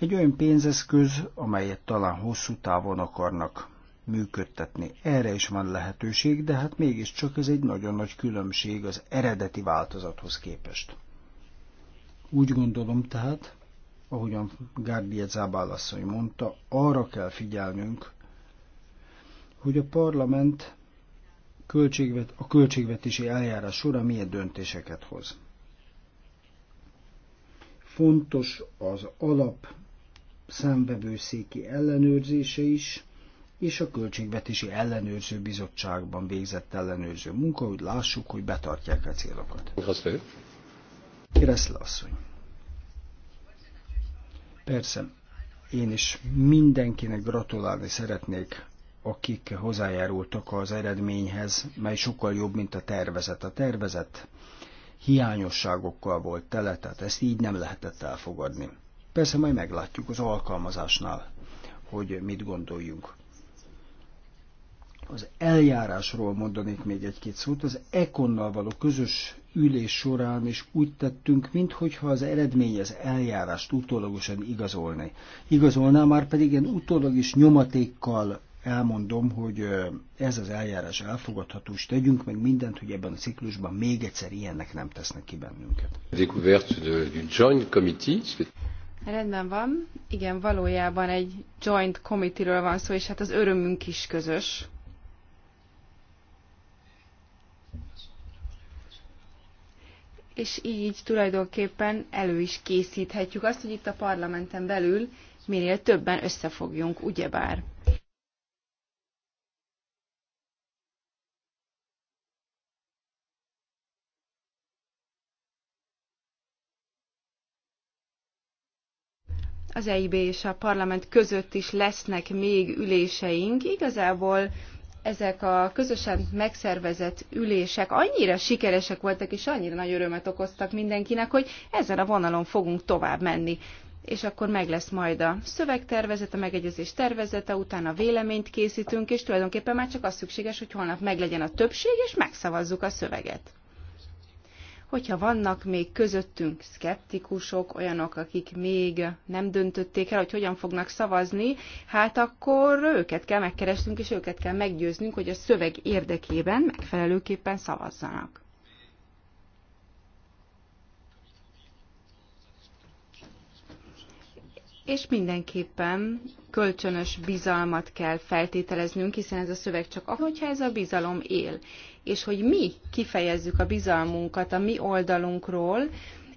Egy olyan pénzeszköz, amelyet talán hosszú távon akarnak működtetni. Erre is van lehetőség, de hát mégiscsak ez egy nagyon nagy különbség az eredeti változathoz képest. Úgy gondolom tehát, ahogyan Gárdia Zábál asszony mondta, arra kell figyelnünk, hogy a parlament költségvet, a költségvetési eljárás során milyen döntéseket hoz. Fontos az alap számbevőszéki ellenőrzése is, és a Költségvetési Ellenőrző Bizottságban végzett ellenőrző munka, hogy lássuk, hogy betartják a célokat. Kereszle asszony. Persze, én is mindenkinek gratulálni szeretnék, akik hozzájárultak az eredményhez, mely sokkal jobb, mint a tervezet. A tervezet hiányosságokkal volt tele, tehát ezt így nem lehetett elfogadni. Persze majd meglátjuk az alkalmazásnál, hogy mit gondoljunk. Az eljárásról mondanék még egy-két szót. Az ekonnal való közös ülés során is úgy tettünk, minthogyha az eredmény az eljárást utólagosan igazolni. Igazolná, már pedig én utólag is nyomatékkal elmondom, hogy ez az eljárás elfogadható, és tegyünk meg mindent, hogy ebben a ciklusban még egyszer ilyennek nem tesznek ki bennünket. Rendben van. Igen, valójában egy joint committee-ről van szó, és hát az örömünk is közös. És így tulajdonképpen elő is készíthetjük azt, hogy itt a parlamenten belül minél többen összefogjunk, ugyebár. az EIB és a parlament között is lesznek még üléseink. Igazából ezek a közösen megszervezett ülések annyira sikeresek voltak, és annyira nagy örömet okoztak mindenkinek, hogy ezen a vonalon fogunk tovább menni. És akkor meg lesz majd a szövegtervezet, a megegyezés tervezete, utána véleményt készítünk, és tulajdonképpen már csak az szükséges, hogy holnap meglegyen a többség, és megszavazzuk a szöveget. Hogyha vannak még közöttünk szkeptikusok, olyanok, akik még nem döntötték el, hogy hogyan fognak szavazni, hát akkor őket kell megkeresnünk, és őket kell meggyőznünk, hogy a szöveg érdekében megfelelőképpen szavazzanak. és mindenképpen kölcsönös bizalmat kell feltételeznünk, hiszen ez a szöveg csak akkor, hogyha ez a bizalom él. És hogy mi kifejezzük a bizalmunkat a mi oldalunkról,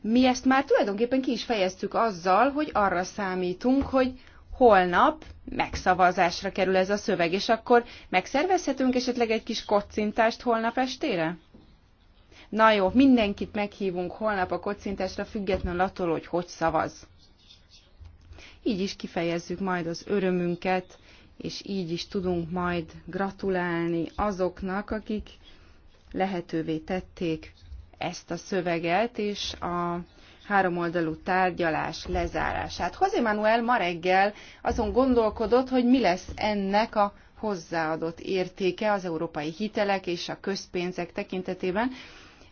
mi ezt már tulajdonképpen ki is fejeztük azzal, hogy arra számítunk, hogy holnap megszavazásra kerül ez a szöveg, és akkor megszervezhetünk esetleg egy kis kocintást holnap estére? Na jó, mindenkit meghívunk holnap a kocintásra, függetlenül attól, hogy hogy szavaz így is kifejezzük majd az örömünket, és így is tudunk majd gratulálni azoknak, akik lehetővé tették ezt a szöveget, és a háromoldalú tárgyalás lezárását. José Manuel ma reggel azon gondolkodott, hogy mi lesz ennek a hozzáadott értéke az európai hitelek és a közpénzek tekintetében.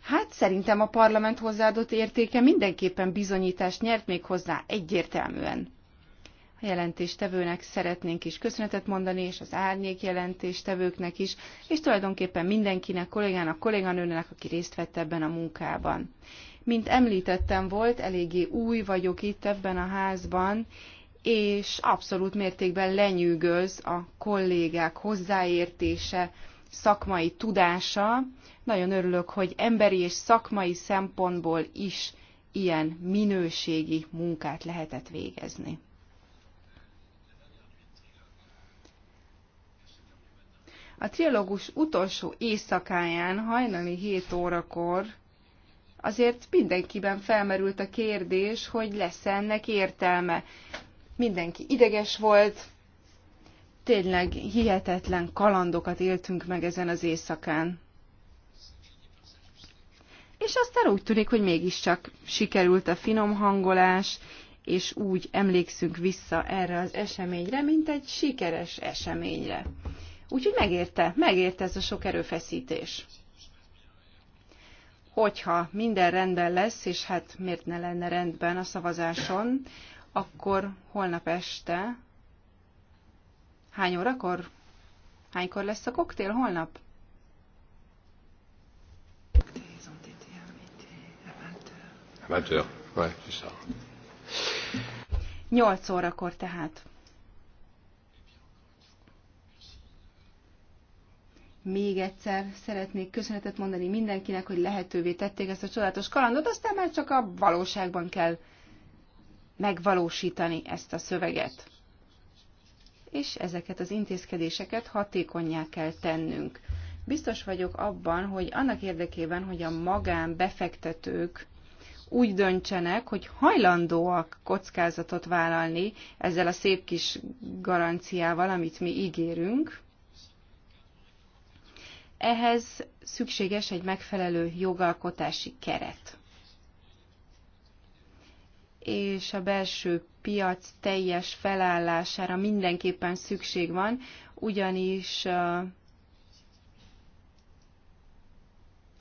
Hát szerintem a parlament hozzáadott értéke mindenképpen bizonyítást nyert még hozzá egyértelműen jelentéstevőnek szeretnénk is köszönetet mondani, és az árnyék jelentéstevőknek is, és tulajdonképpen mindenkinek, kollégának, kolléganőnek, aki részt vett ebben a munkában. Mint említettem volt, eléggé új vagyok itt ebben a házban, és abszolút mértékben lenyűgöz a kollégák hozzáértése, szakmai tudása. Nagyon örülök, hogy emberi és szakmai szempontból is ilyen minőségi munkát lehetett végezni. A trilógus utolsó éjszakáján hajnali 7 órakor azért mindenkiben felmerült a kérdés, hogy lesz ennek értelme. Mindenki ideges volt, tényleg hihetetlen kalandokat éltünk meg ezen az éjszakán. És aztán úgy tűnik, hogy mégiscsak sikerült a finom hangolás, és úgy emlékszünk vissza erre az eseményre, mint egy sikeres eseményre. Úgyhogy megérte, megérte ez a sok erőfeszítés. Hogyha minden rendben lesz, és hát miért ne lenne rendben a szavazáson, akkor holnap este hány órakor? Hánykor lesz a koktél holnap? Nyolc órakor tehát. még egyszer szeretnék köszönetet mondani mindenkinek, hogy lehetővé tették ezt a csodálatos kalandot, aztán már csak a valóságban kell megvalósítani ezt a szöveget. És ezeket az intézkedéseket hatékonyá kell tennünk. Biztos vagyok abban, hogy annak érdekében, hogy a magán befektetők úgy döntsenek, hogy hajlandóak kockázatot vállalni ezzel a szép kis garanciával, amit mi ígérünk, ehhez szükséges egy megfelelő jogalkotási keret. És a belső piac teljes felállására mindenképpen szükség van, ugyanis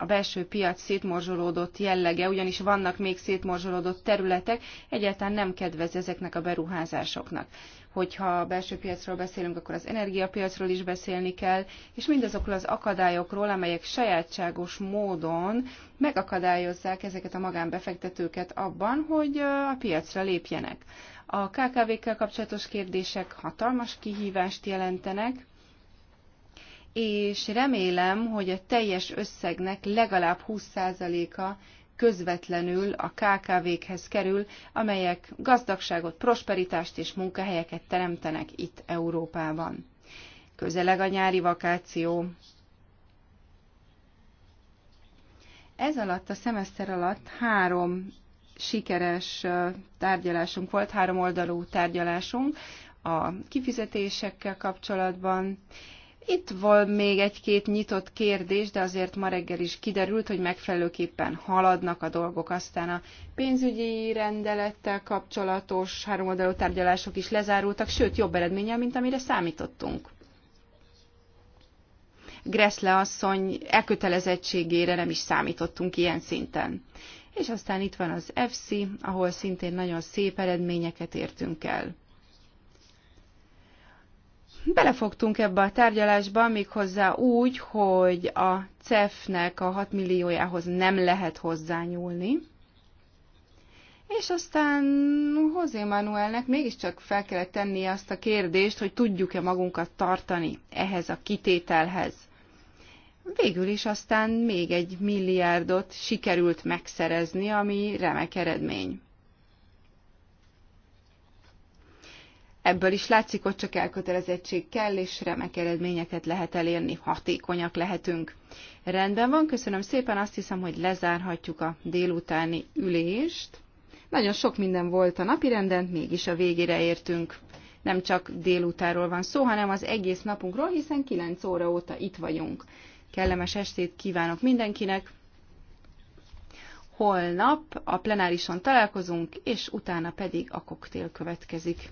a belső piac szétmorzsolódott jellege, ugyanis vannak még szétmorzsolódott területek, egyáltalán nem kedvez ezeknek a beruházásoknak. Hogyha a belső piacról beszélünk, akkor az energiapiacról is beszélni kell, és mindazokról az akadályokról, amelyek sajátságos módon megakadályozzák ezeket a magánbefektetőket abban, hogy a piacra lépjenek. A KKV-kkel kapcsolatos kérdések hatalmas kihívást jelentenek, és remélem, hogy a teljes összegnek legalább 20%-a közvetlenül a KKV-khez kerül, amelyek gazdagságot, prosperitást és munkahelyeket teremtenek itt Európában. Közeleg a nyári vakáció. Ez alatt, a szemeszter alatt három sikeres tárgyalásunk volt, három oldalú tárgyalásunk a kifizetésekkel kapcsolatban, itt volt még egy-két nyitott kérdés, de azért ma reggel is kiderült, hogy megfelelőképpen haladnak a dolgok. Aztán a pénzügyi rendelettel kapcsolatos háromoldalú tárgyalások is lezárultak, sőt jobb eredménnyel, mint amire számítottunk. Gressle asszony elkötelezettségére nem is számítottunk ilyen szinten. És aztán itt van az FC, ahol szintén nagyon szép eredményeket értünk el belefogtunk ebbe a tárgyalásba, méghozzá úgy, hogy a CEF-nek a 6 milliójához nem lehet hozzányúlni. És aztán José Manuelnek mégiscsak fel kellett tennie azt a kérdést, hogy tudjuk-e magunkat tartani ehhez a kitételhez. Végül is aztán még egy milliárdot sikerült megszerezni, ami remek eredmény. Ebből is látszik, hogy csak elkötelezettség kell, és remek eredményeket lehet elérni, hatékonyak lehetünk. Rendben van, köszönöm szépen, azt hiszem, hogy lezárhatjuk a délutáni ülést. Nagyon sok minden volt a napirenden, mégis a végére értünk. Nem csak délutáról van szó, hanem az egész napunkról, hiszen 9 óra óta itt vagyunk. Kellemes estét kívánok mindenkinek! Holnap a plenárison találkozunk, és utána pedig a koktél következik.